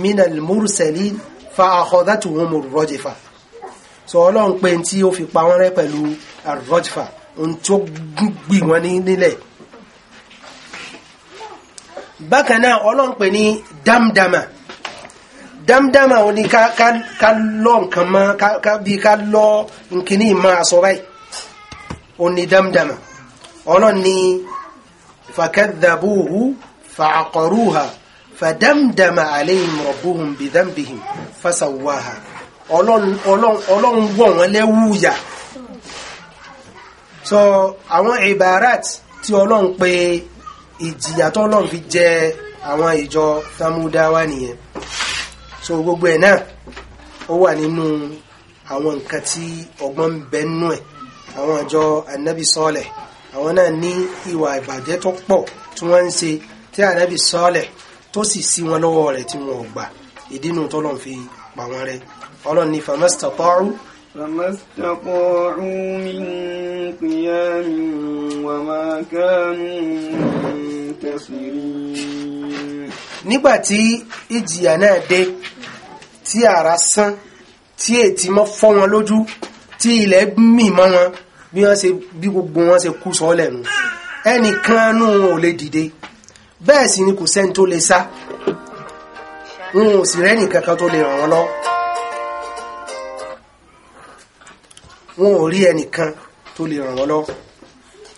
minal mursalin fa akhadhatuhum ar-rajfa so ọlọ́run pé tí ó fi pa wọ́n rẹ́ pẹ̀lú ar ohun tó gbì wọ́n nílẹ̀ bákan náà ọlọ́run pè ní dámdámà dámdámà ò ní ká lọ nǹkan mọ́ bí ká lọ nkíní máa sọ báyìí ò ní dámdámà ọlọ́run ní fakadhabuhu fa'aqaruha fàdámdámà alayhim rabbuhum bidhanbihim fasawaha ọlọ́run wọ̀ so àwọn ibarat tí ọlọ́run pè ìjìyà tó lọ́n fi jẹ àwọn ìjọ tamudawa nìyẹn so gbogbo ẹ̀ náà ó wà nínú àwọn nǹkan tí ọgbọ́n ń bẹ nínú ẹ̀ àwọn àjọ anabi sọ́ọ̀lẹ̀ àwọn náà ní ìwà ìbàjẹ́ tó pọ̀ tí wọ́n ń ṣe tí anabi sọ́ọ̀lẹ̀ tó sì sí wọn lọ́wọ́ rẹ̀ tí wọn ò gbà ìdínú tó lọ́n fi pa wọn rẹ́ ọlọ́ni famastataru فما استطاعوا من قيام وما كانوا منتصرين nígbà tí ìjìyà náà dé tí ara sán تي ètí mọ́ fọ́ wọn lójú tí ilẹ̀ mì mọ́ wọn bí wọ́n ṣe bí gbogbo wọn ṣe kú sọ lẹ́nu ẹnìkan nù wọn ò lè dìde bẹ́ẹ̀ sì ni kò sẹ́ni tó lè sá wọn ò sì rẹ́nì kankan tó lè ràn wọ́n lọ́wọ́. wọn ò rí ẹnìkan tó lè ràn wọ́n lọ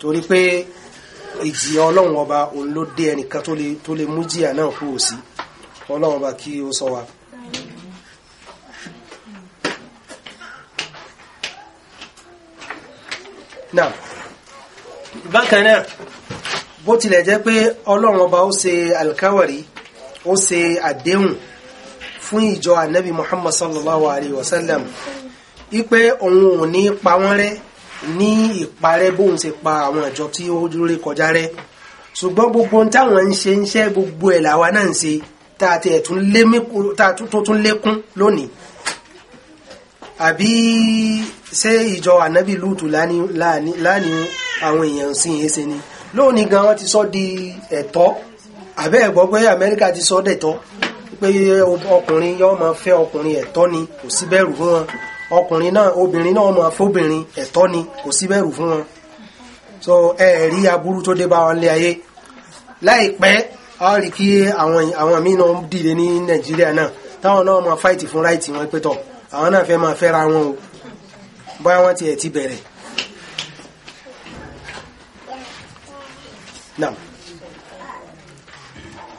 torí pé ìjìyà ọlọ́run ọba òun ló dé ẹnìkan tó lè mú jìyà náà kú òsì ọlọ́run ọba kí ó sọ wa. bákan náà bó tilẹ̀ jẹ́ pé ọlọ́run ọba ó ṣe alkawari ó ṣe àdéhùn fún ìjọ ànábì muhammad sallallahu alayhi wa sallam wípé òun ò ní pa wọ́n rẹ́ ní ìparẹ́ bóun ṣe pa àwọn ìjọ tí ó ré kọjá rẹ́ ṣùgbọ́n gbogbo ohun táwọn ń ṣe ń ṣe gbogbo ẹ̀ làwa náà ń ṣe tá a ti ẹ̀ tún tún lékún lónìí àbí ṣé ìjọ ànábì lùtù láàní àwọn èèyàn sí yẹn ṣe ni lónìí gan wọn ti sọ di ẹ̀tọ́ àbẹ́ ẹ̀ gbọ́ pé Amẹ́ríkà ti sọ dẹ̀tọ́ pé ọkùnrin yóò máa fẹ́ ọkùnrin ẹ̀tọ́ ni kò sí bẹ̀rù fún wọn ọkùnrin náà obìnrin náà ọmọ afọbìnrin ẹ̀tọ́ ni kò sí bẹ̀rù fún wọn so ẹẹrí aburú tó dé bá wọn lé ayé láìpẹ́ a rí kí àwọn àwọn míì náà dìde ní nàìjíríà náà táwọn náà máa fáìtì fún ráìtì wọn pẹtọ àwọn náà fẹ́ máa fẹ́ra wọn o bóyá wọn tiẹ̀ ti bẹ̀rẹ̀. Naam.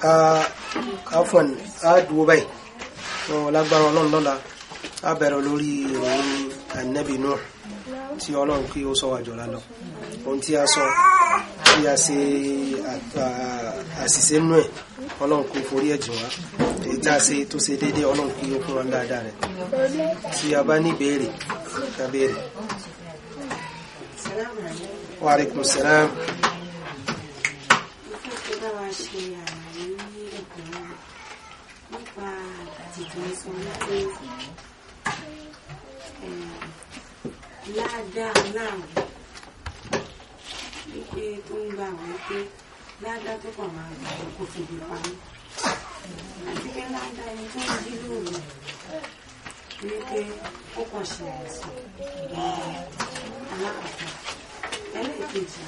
Uh, afwan, a dúró báyìí. Wọ́n lágbára ọlọ́run lọ́la a bẹ̀rẹ̀ lórí ìròyìn anabi Nuh tí ọlọ́run kí ó sọ wàjọ lálọ ohun tí a sọ tí a ṣe àṣìṣe nú ẹ̀ ọlọ́run kó forí ẹ̀jì wá èyí tí a ṣe tó ṣe déédéé ọlọ́run kí ó fún wa dáadáa rẹ̀ tí a bá ní ìbéèrè ká béèrè. wa alaikum salam. nípa àtìkè sọ wípé ládàá láàrún wípé tó ń gbà wọ́n pé ládàá tó kàn máa gbà wọ́n kò fi lè parí àti pé ládàá ẹni tó ń jí lóru wípé ó kàn ṣe àìsàn alákọ̀ọ́kọ́ ẹlẹ́ẹ̀kejì.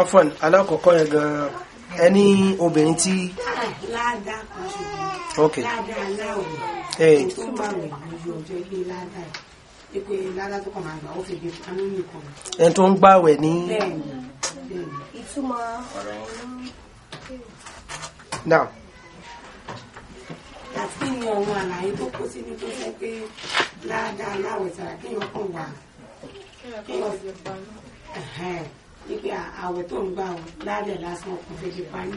afọn alákọ̀ọ́kọ́ yẹn gan ẹni obìnrin tí. ládàá kan ṣùgbọ́n ládàá aláwọ̀ tó bá wẹ̀ lójú ọjọ́ ilé ládàá yìí pé ládá tó kàn máa gbà ó fi gbé àánú nìkan. ẹni tó ń gbàwẹ̀ ní. ìtumọ̀ ọ̀rọ̀ náà. àti kí ni ọ̀run àlàyé tó kó sínú tó fẹ́ pé ládá láwẹ̀ sára kéèyàn kàn wà. kéèyàn ní pé àwẹ̀ tó ń gbà ó ládẹ̀ lásán ọkùnrin fi pa ní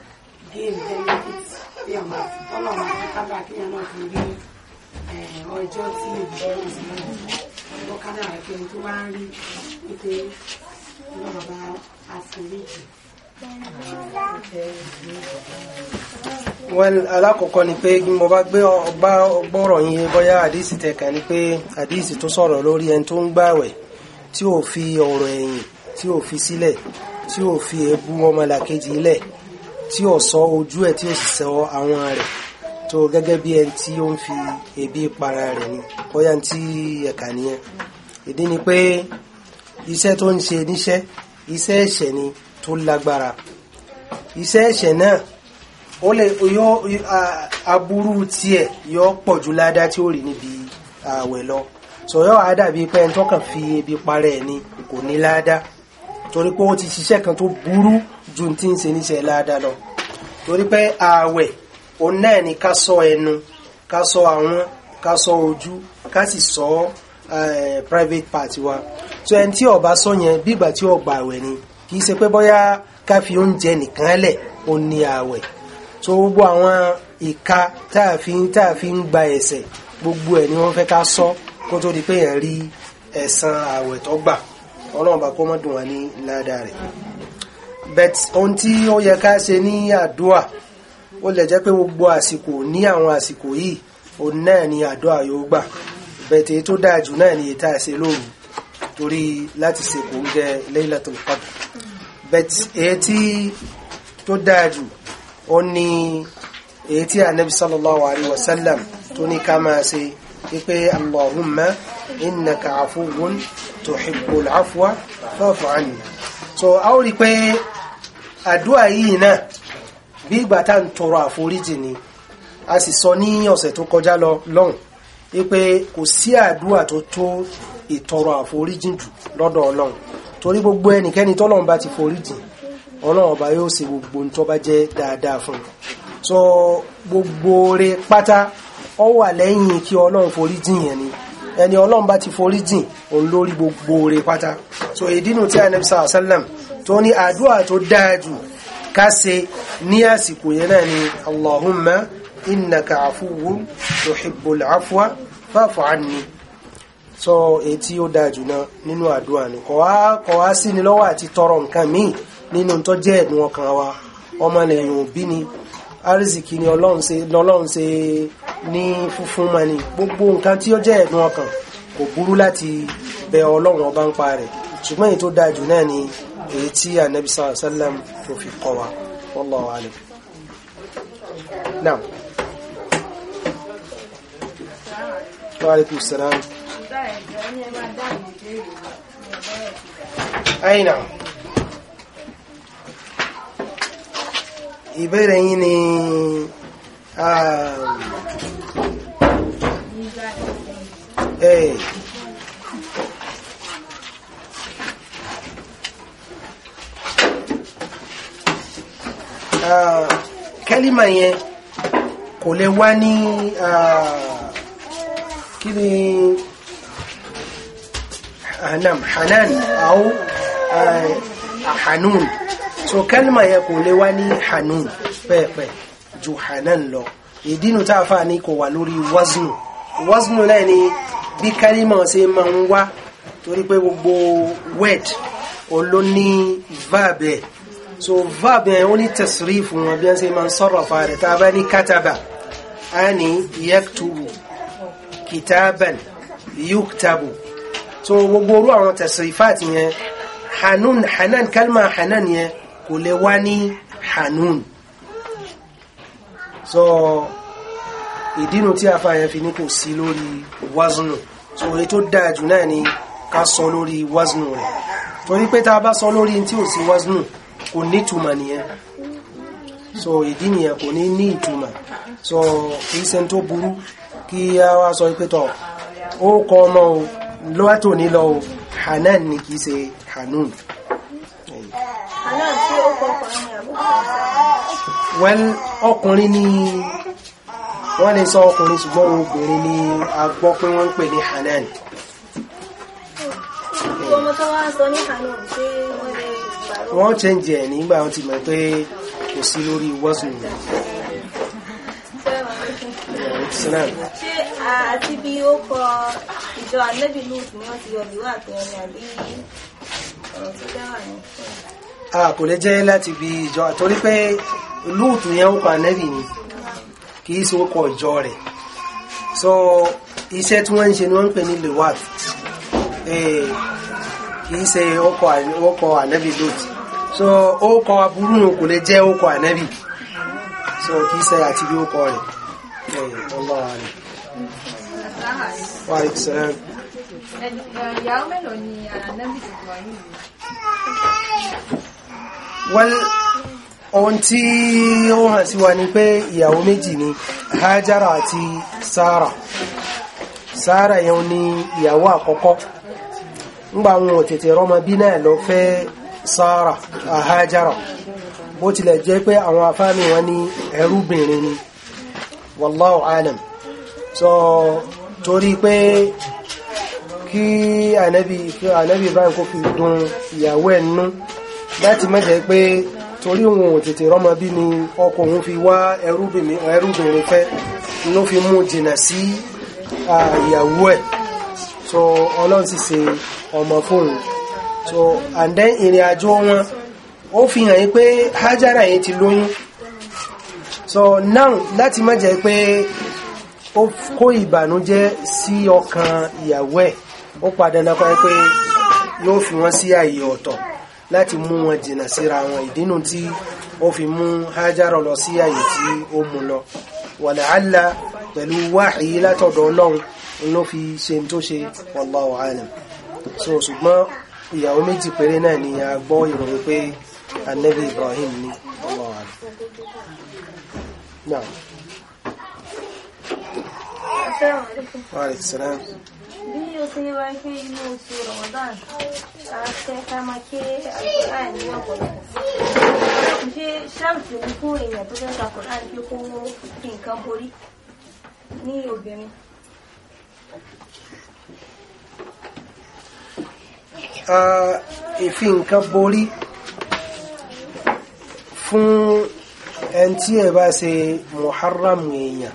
gain benefit bí ọmọ àtúntọ́lọ̀ máa fi kábà kí ẹ náà fi rí ọjọ́ tí ìbùdó náà sì lọ́wọ́ lọ́wọ́ kádà rẹ̀ pé tó bá ń rí wípé iná bàbá àforíjì. Well, alákọ̀ọ́kọ́ ni pé mo bá gbé ọgbà ọgbọ́rọ̀ yín bóyá àdísì tẹ̀ka ni pé àdísì tó sọ̀rọ̀ lórí ẹni tó ń gbààwẹ̀ tí ò fi ọ̀rọ̀ ẹ̀yìn tí ò fi sílẹ̀ tí ò fi èébú ọmọlàkejì lẹ̀ tí ó sọ ojú ẹ̀ tí ó sì sọ àwọn rẹ̀ tó gẹ́gẹ́ bí ẹni tí ó ń fi ebi para rẹ̀ ni bóyá tí ẹ̀ka nìyẹn ìdí ni pé iṣẹ́ tó ń ṣe níṣẹ́ iṣẹ́ ẹ̀ṣẹ̀ ni tó lágbára iṣẹ́ ẹ̀ṣẹ̀ náà ó lè yọ aburú tiẹ̀ yọ pọ̀ jù ládá tí ó rí níbi ààwẹ̀ lọ sọ̀yọ́ àdàbí pé ẹni tó kàn fi ebi para ẹ̀ ni kò ní ládá torí pé ó ti ṣiṣẹ́ kan tó burú ju ti ń ṣe níṣẹ́ ládàá lọ torí pé ààwẹ̀ òun náà ni ká ṣọ́ ẹnu ká ṣọ́ àwọn ká ṣọ́ ojú ká sì ṣọ́ eh, private part wa so ẹni tí ó bá ṣọ́ yẹn bí ìgbà tí ó gba ààwẹ̀ ni kì í ṣe pé bóyá ká fi oúnjẹ nìkan lẹ̀ ó ní ààwẹ̀ so gbogbo àwọn ìka tá a fi tá a fi ń gba ẹ̀ṣẹ̀ gbogbo ẹ̀ ni wọ́n fẹ́ ká ṣọ́ kó tó di pé èèyàn rí ẹ̀san ààwẹ̀ tó gbà ọlọ́run bá kó mọ́ dùn wá ní ládàá rẹ̀ bet ohun tí ó yẹ ká ṣe ní àdúà ó lè jẹ́ pé gbogbo àsìkò ní àwọn àsìkò yìí òun náà ni àdúà yóò gbà bet èyí tó dáa jù náà ni èyí tá a ṣe lóru torí láti ṣe kò ń jẹ Laylatul Qadr bet èyí tí tó dáa jù ó ní èyí tí anabi sallallahu alayhi wa sallam tó ní ká máa ṣe wípé allahumma innaka afuwun tuhibbul afwa fa'fu anni so a ó rí pé àdúrà yìí náà bí ìgbà tá à ń tọrọ àforíjì ni a sì sọ ní ọ̀sẹ̀ tó kọjá lọ lọ́hùn wípé kò sí àdúrà tó tó ìtọrọ àforíjì jù lọ́dọ̀ ọlọ́run torí gbogbo ẹnikẹ́ni tọ́lọ́run bá ti foríjì ọlọ́run ọba yóò ṣe gbogbo ohun tó bá jẹ́ dáadáa fún un so gbogbo re pátá ọ wà lẹ́yìn kí ọlọ́run foríjì yẹn ni ẹni ọlọ́run bá ti foríjì òun lórí gbogbo re pátá so ìdínú tí anabi sallam tó ní àdúrà tó dáájú ká ṣe ní àsìkò yẹn náà ni allahumma innaka afuwun tuhibbul afwa fa'fu anni sọ etí ó dájú náà nínú àdúrà ni kọ̀ wá kọ̀ wá sí ni lọ́wọ́ àti tọrọ nǹkan míì nínú tó jẹ́ ẹ̀dùn ọkàn wa ọmọ lẹ́yìn òbí ni arzikí ni ọlọ́run ṣe ní funfun ma ni gbogbo nǹkan tí ó jẹ́ ẹ̀dùn ọkàn kò burú láti bẹ ọlọ́run ọba ń pa rẹ̀ ṣùgbọ́n èyí tó dáa náà ni èyí tí anabi sallallahu alayhi wa sallam tó fi kọ́ wa wallahu alim now wa alaykum salaam ayi na yìí ni ẹ̀ẹ́ um, eh, Uh, kẹ́límà yẹn kò lè wá ní uh, kí ni hanam hanan àwọn uh, hanun so kẹ́límà yẹn kò lè wá ní hanun pẹ́ẹ̀pẹ́ ju hanan lọ ìdínú tá a fà ní kò wà lórí waznu waznu náà ni bí kẹ́límà ṣe máa ń wá torí pé gbogbo word olóní verb so verb yẹn ó ní tasrifu wọn bí wọ́n ṣe máa ń sọ̀rọ̀ fa rẹ̀ tá a bá kataba a ní kitaban yuktabu so gbogbo orú àwọn tasrifat yẹn hanun hanan kalma hanan yẹn kò lè wá ní hanun so ìdínú tí a fa yẹn fi ní kò sí lórí waznu so èyí tó dáa náà ni ká sọ lórí waznu rẹ̀ torí pé tá a bá sọ lórí tí ò sí waznu kò ní ìtumọ̀ nìyẹn so ìdí nìyẹn kò ní ní ìtumọ̀ so kì ṣe tó burú kí a wá sọ pé tọ̀ ó kọ ọmọ o lọ́wọ́ ní lọ o hanan ni kì ṣe hanun. hanan tí ó kọ ọkùnrin ni àbúkọ ọ̀sán. well ọkùnrin ni wọ́n lè sọ ọkùnrin ṣùgbọ́n obìnrin ni a gbọ́ pé wọ́n ń pè ní hanan. ọmọ tó wá sọ ní hanan ṣé wọ́n lè wọ́n change ẹ̀ nígbà wọn ti mọ̀ pé kò sí lórí wọ́sùn ìyá ṣe àti bí ó kọ ìjọ alẹ́bí ni wọ́n ti yọ ìlú àtẹ̀yìn àbí ọ̀rọ̀ tó dáwà ní. a kò lè jẹ́ láti bí ìjọ torí pé lóòt yẹn ó kọ anẹ́bí ni kì í ṣe kọ ìjọ rẹ̀ so iṣẹ́ tí wọ́n ń ṣe ni wọ́n ń pè ní lewat eh, kì í ṣe ó kọ anẹ́bí so ó kọ aburú na kò lè jẹ́ kọ so kì í ṣe àti bí ó kọ wa ni pé ìyàwó méjì ni hajara àti sara sara yẹn ni ìyàwó àkọ́kọ́ ńgbà wọn ò tètè rọ́mọ bí náà lọ sára àhájára bó tilẹ̀ jẹ́ pé àwọn afáàmì wọn ní ẹrúbìnrin ni wallahu alam so torí pé kí ànábì ànábì Ibrahim kó fi dùn ìyàwó ẹ̀ nú láti má jẹ́ pé torí òun ò tètè rọ́mọ bí ni ọkọ òun fi wá ẹrúbìnrin fẹ́ ló fi mú jìnà sí ìyàwó ẹ̀ so ọlọ́run sì ṣe ọmọ fóun so and then ìrìn àjò wọn ó fi hàn yín pé Hajara yìí ti lóyún so now láti má jẹ́ pé ó kó ìbànújẹ́ sí ọkàn ìyàwó ẹ̀ ó padà náà kọ́ pé yóò fi wọ́n sí àyè ọ̀tọ̀ láti mú wọn jìnnà síra wọn ìdínú tí ó fi mú Hajara lọ sí àyè tí ó mú lọ wàlàhálà pẹ̀lú wáhìí látọ̀dọ̀ Ọlọ́run ló fi ṣe tó ṣe wallahu alam so ṣùgbọ́n ìyàwó méjì péré náà ni a gbọ́ ìròyìn pé anabi ibrahim ni ọlọ́wà náà. Wàhálà bí o ti ní wáyé pé inú oṣù Ramadan àṣẹ ká máa ké àkùrán ní ọ̀pọ̀lọpọ̀ ṣe ṣáàtì ní fún èèyàn tó fẹ́ àkùrán pé kó nǹkan ìfi nǹkan borí fún ẹni tí ẹ bá ṣe muharram èèyàn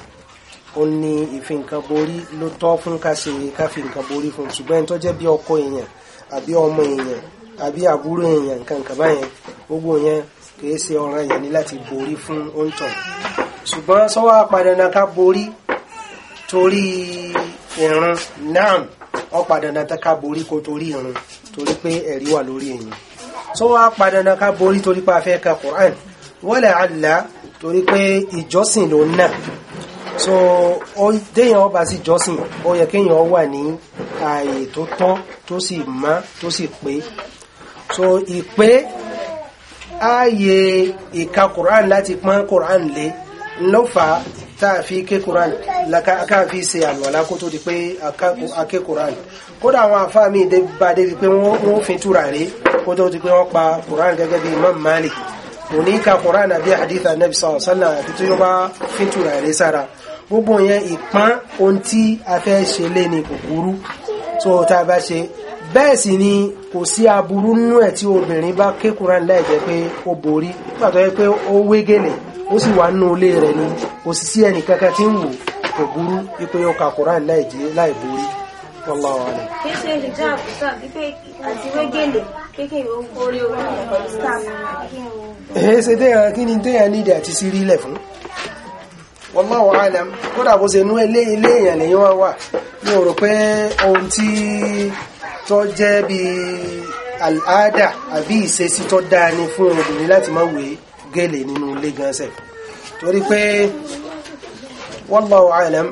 ó ní ìfi nǹkan borí ló tọ́ fún ká ṣe ká fi nǹkan borí fún ṣùgbọ́n tó jẹ́ bí ọkọ èèyàn àbí ọmọ èèyàn àbí àbúrò èèyàn nǹkan kan báyẹn gbogbo yẹn kìí ṣe ọ̀ràn èèyàn ní láti borí fún oúnjẹ ṣùgbọ́n sọ́wọ́ apàdánà ká borí torí ìran náà ó padà náà ká borí kó torí irun torí pé ẹ̀rí wà lórí ẹ̀yìn so wọ́n á padà náà ká borí torí pé a fẹ́ ka Quran wala àlá torí pé ìjọsìn ló náà so ó déyàn ọba sí jọ́sìn ó yẹ kéèyàn wà ní ààyè tó tọ́ tó sì mọ́ tó sì pé so ìpé ààyè ìka Quran láti pọ́n Quran lé ló fà á táà fi ké Quran láà fi ṣe àlùwàlá kó tó di pé aké Quran kódà àwọn afá mi bá débi pé wọ́n fi tùràrí kó tó di pé wọ́n pa Quran gẹ́gẹ́ bí Imam Malik òní ka Quran àbí hadith anabi sallallahu alaihi wasallam àti tó yóò bá fi tùràrí sára gbogbo yẹn ìpán ohun tí a fẹ́ ṣe lé ní kòkúrú tó tá a bá ṣe bẹ́ẹ̀ sì ni kò sí aburú nínú ẹ̀ tí obìnrin bá ké Quran láì jẹ́ pé ó borí pàtó yẹ pé ó wégele ó sì wà nínú ilé rẹ̀ ni kò sì sí ẹnì kankan tí ń wò kò burú wípé ó ka Quran láì jẹ́ láì borí wallahu alim. kí ṣe hijab sáà wípé àti wégele kékeré ó borí orí ọ̀rọ̀ pẹ̀lú staff èyí ṣe déyàn kí ni déyàn nídìí àti sí rí ilẹ̀ fún wallahu alam kódà bó ṣe nú ilé ilé èèyàn lèyàn wá wà mi ò rò pé ohun tí tó jẹ́ bíi àládà àbí ìṣesí tó dáa ni fún obìnrin láti má wèé gèlè nínú ilé gansẹ̀ torí pé wallahu alam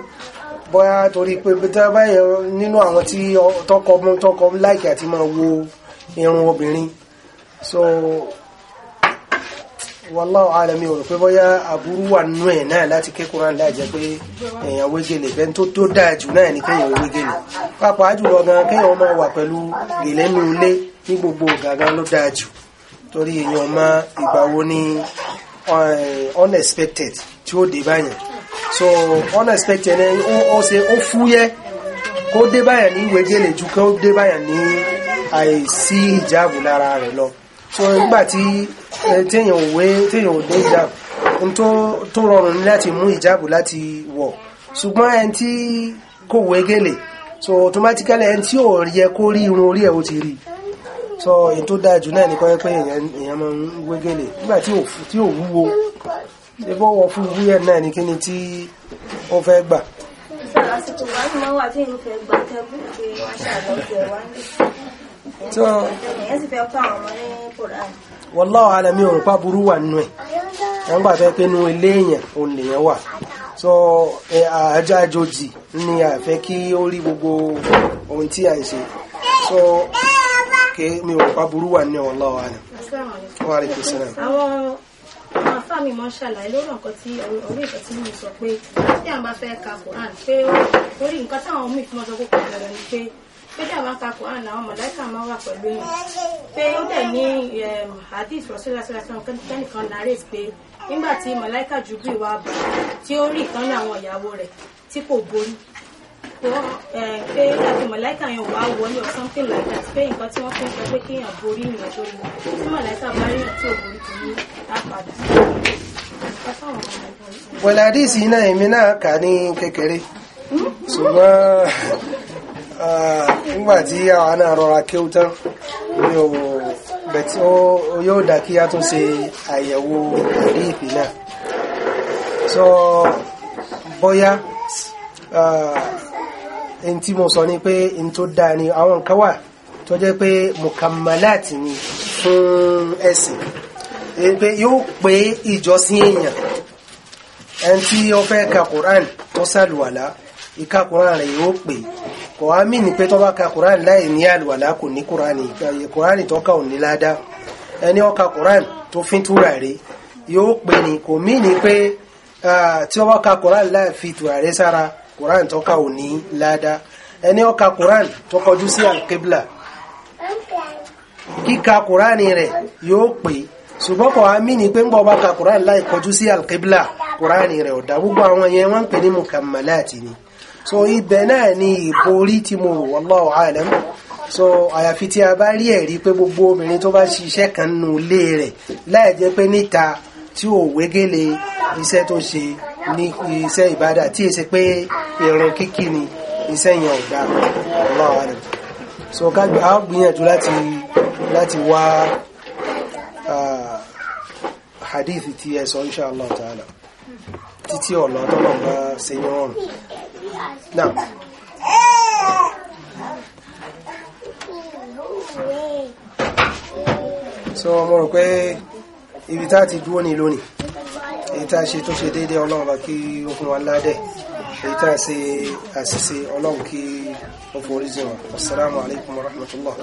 bóyá torí pé bẹ́ẹ̀ nínú àwọn tí tọkọ tọkọ láìkì àti máa wo irun obìnrin so wallahu alam mi ò rò pé bóyá aburú wà nínú ẹ̀ náà láti ké Kùránì láìjẹ́ pé èèyàn wégele bẹ́ẹ̀ tó tó dáa jù náà ni kéèyàn wégele pàápàá jùlọ gan kéèyàn máa wà pẹ̀lú gèlè nínú ilé ní gbogbo gàgán ló dáa jù torí èèyàn ma ìgbà wo ni eh, unexpected tí ó dé báyẹn so unexpected ẹ ó ṣe ó fúyẹ́ kó dé báyẹn ní ìwé gèlè ju kó dé báyẹn ní àìsí ìjáàbù lára rẹ̀ lọ so nígbà tí eh, téèyàn òwe téèyàn òde ìjáàbù n tó rọrùn ní láti mú ìjáàbù láti wọ̀ ṣùgbọ́n ẹni tí kò wé gèlè so automatically ẹni tí ò yẹ kó rí irun orí ẹ̀ ó ti rí i so èyí tó dáa jù náà ní kọ́yẹ́ pé èèyàn máa ń wégele nígbà tí ò wúwo ṣe bọ́wọ́ fún wúyẹ̀ náà ní kíni tí ó fẹ́ gbà wọ́láwọ̀ alẹ́mí òun pa burú wà nínú ẹ̀ ẹ̀ ń gbà fẹ́ pé nú ilé èèyàn òun lèyàn wà so àjá àjòjì ni a fẹ́ kí ó rí gbogbo ohun tí a ń ṣe so ké mi o pa burú wà ní ọ̀la wa ni. wà á rí kìí sinmi. àwọn àfáà mi máa ń ṣàlàyé lórí nǹkan tí orí ìfẹ́ tí mo sọ pé tí àwọn bá fẹ́ ka Quran pé orí nǹkan táwọn míì fi máa sọ pé kò dára ni pé pé tí àwọn ka Quran làwọn mọ̀láìkà máa wà pẹ̀lú yìí pé ó dẹ̀ ní hadith rọ̀ṣẹ́lá ṣẹlá ṣẹlá kẹ́nìkan narrate pé nígbà tí mọ̀láìkà Jibril wá bọ̀ tí ó rí ìkan pé àti mọ̀láìkà yẹn wà wọlé or something like that pé nǹkan tí wọ́n fi ń sọ pé kéèyàn borí ìyàn tó ní tí mọ̀láìkà bá rí ìyàn tó borí tó ní àpàdé wẹ̀ládìsí iná èmi náà kà ní kékeré hmm? ṣùgbọ́n *laughs* ah, nígbàtí àwọn náà rọra kéwú tán yóò dá kí a tún ṣe àyẹ̀wò àdíìfì náà so bóyá ah, ẹni tí mo sọ ni pé n tó dáa ni àwọn nǹkan wà tó jẹ́ pé mùkàmàláàtì ni fún ẹ̀sìn èyí pé yóò pé ìjọsìn èèyàn ẹni tí ó fẹ́ ka Quran tó sàlùwàlá ìka Quran rẹ̀ yóò pè kò á mì ní pé tó bá ka Quran láì ní àlùwàlá kò ní Quran Quran tó kà ò ní ládá ẹni ó ka Quran tó fi túràrí yóò pè ní kò mì ní pé tí ó bá ka Quran láì fi túràrí sára quran tó kà ò ní ládàá ẹni ó ka quran tó kọjú sí alkebla kíka quran rẹ̀ yóò pè ṣùgbọ́n kò á mí ni pé ń bọ̀ bá ka quran láì kọjú sí alkebla quran rẹ̀ ò gbogbo àwọn yẹn wọ́n ń pè ní mukammalati ni so ibẹ̀ náà ni ìborí tí mo wò wallahu alam so àyàfi tí a bá rí ẹ̀rí pé gbogbo obìnrin tó bá ṣiṣẹ́ kan nù ilé rẹ̀ láì jẹ́ pé níta tí ò wégele iṣẹ́ tó ṣe ní iṣẹ́ ìbádà tí èsì pé ìrùn kíkí ni iṣẹ́ yẹn ìgbà ọlọ́wà rẹ̀ so ká gbìyànjú láti láti wá hadith tí ẹ sọ insha Allah ta'ala títí ọ̀lọ́ tọ́lọ̀ bá ṣe ní ọ̀rùn náà so mo rò pé ibi tá ti dúró ní lónìí èyí tá a ṣe tó ṣe déédéé ọlọ́run bá kí ó fún wa ládẹ̀ èyí tá a ṣe àṣìṣe ọlọ́run kí ó forí jìn wá assalamu alaikum warahmatullah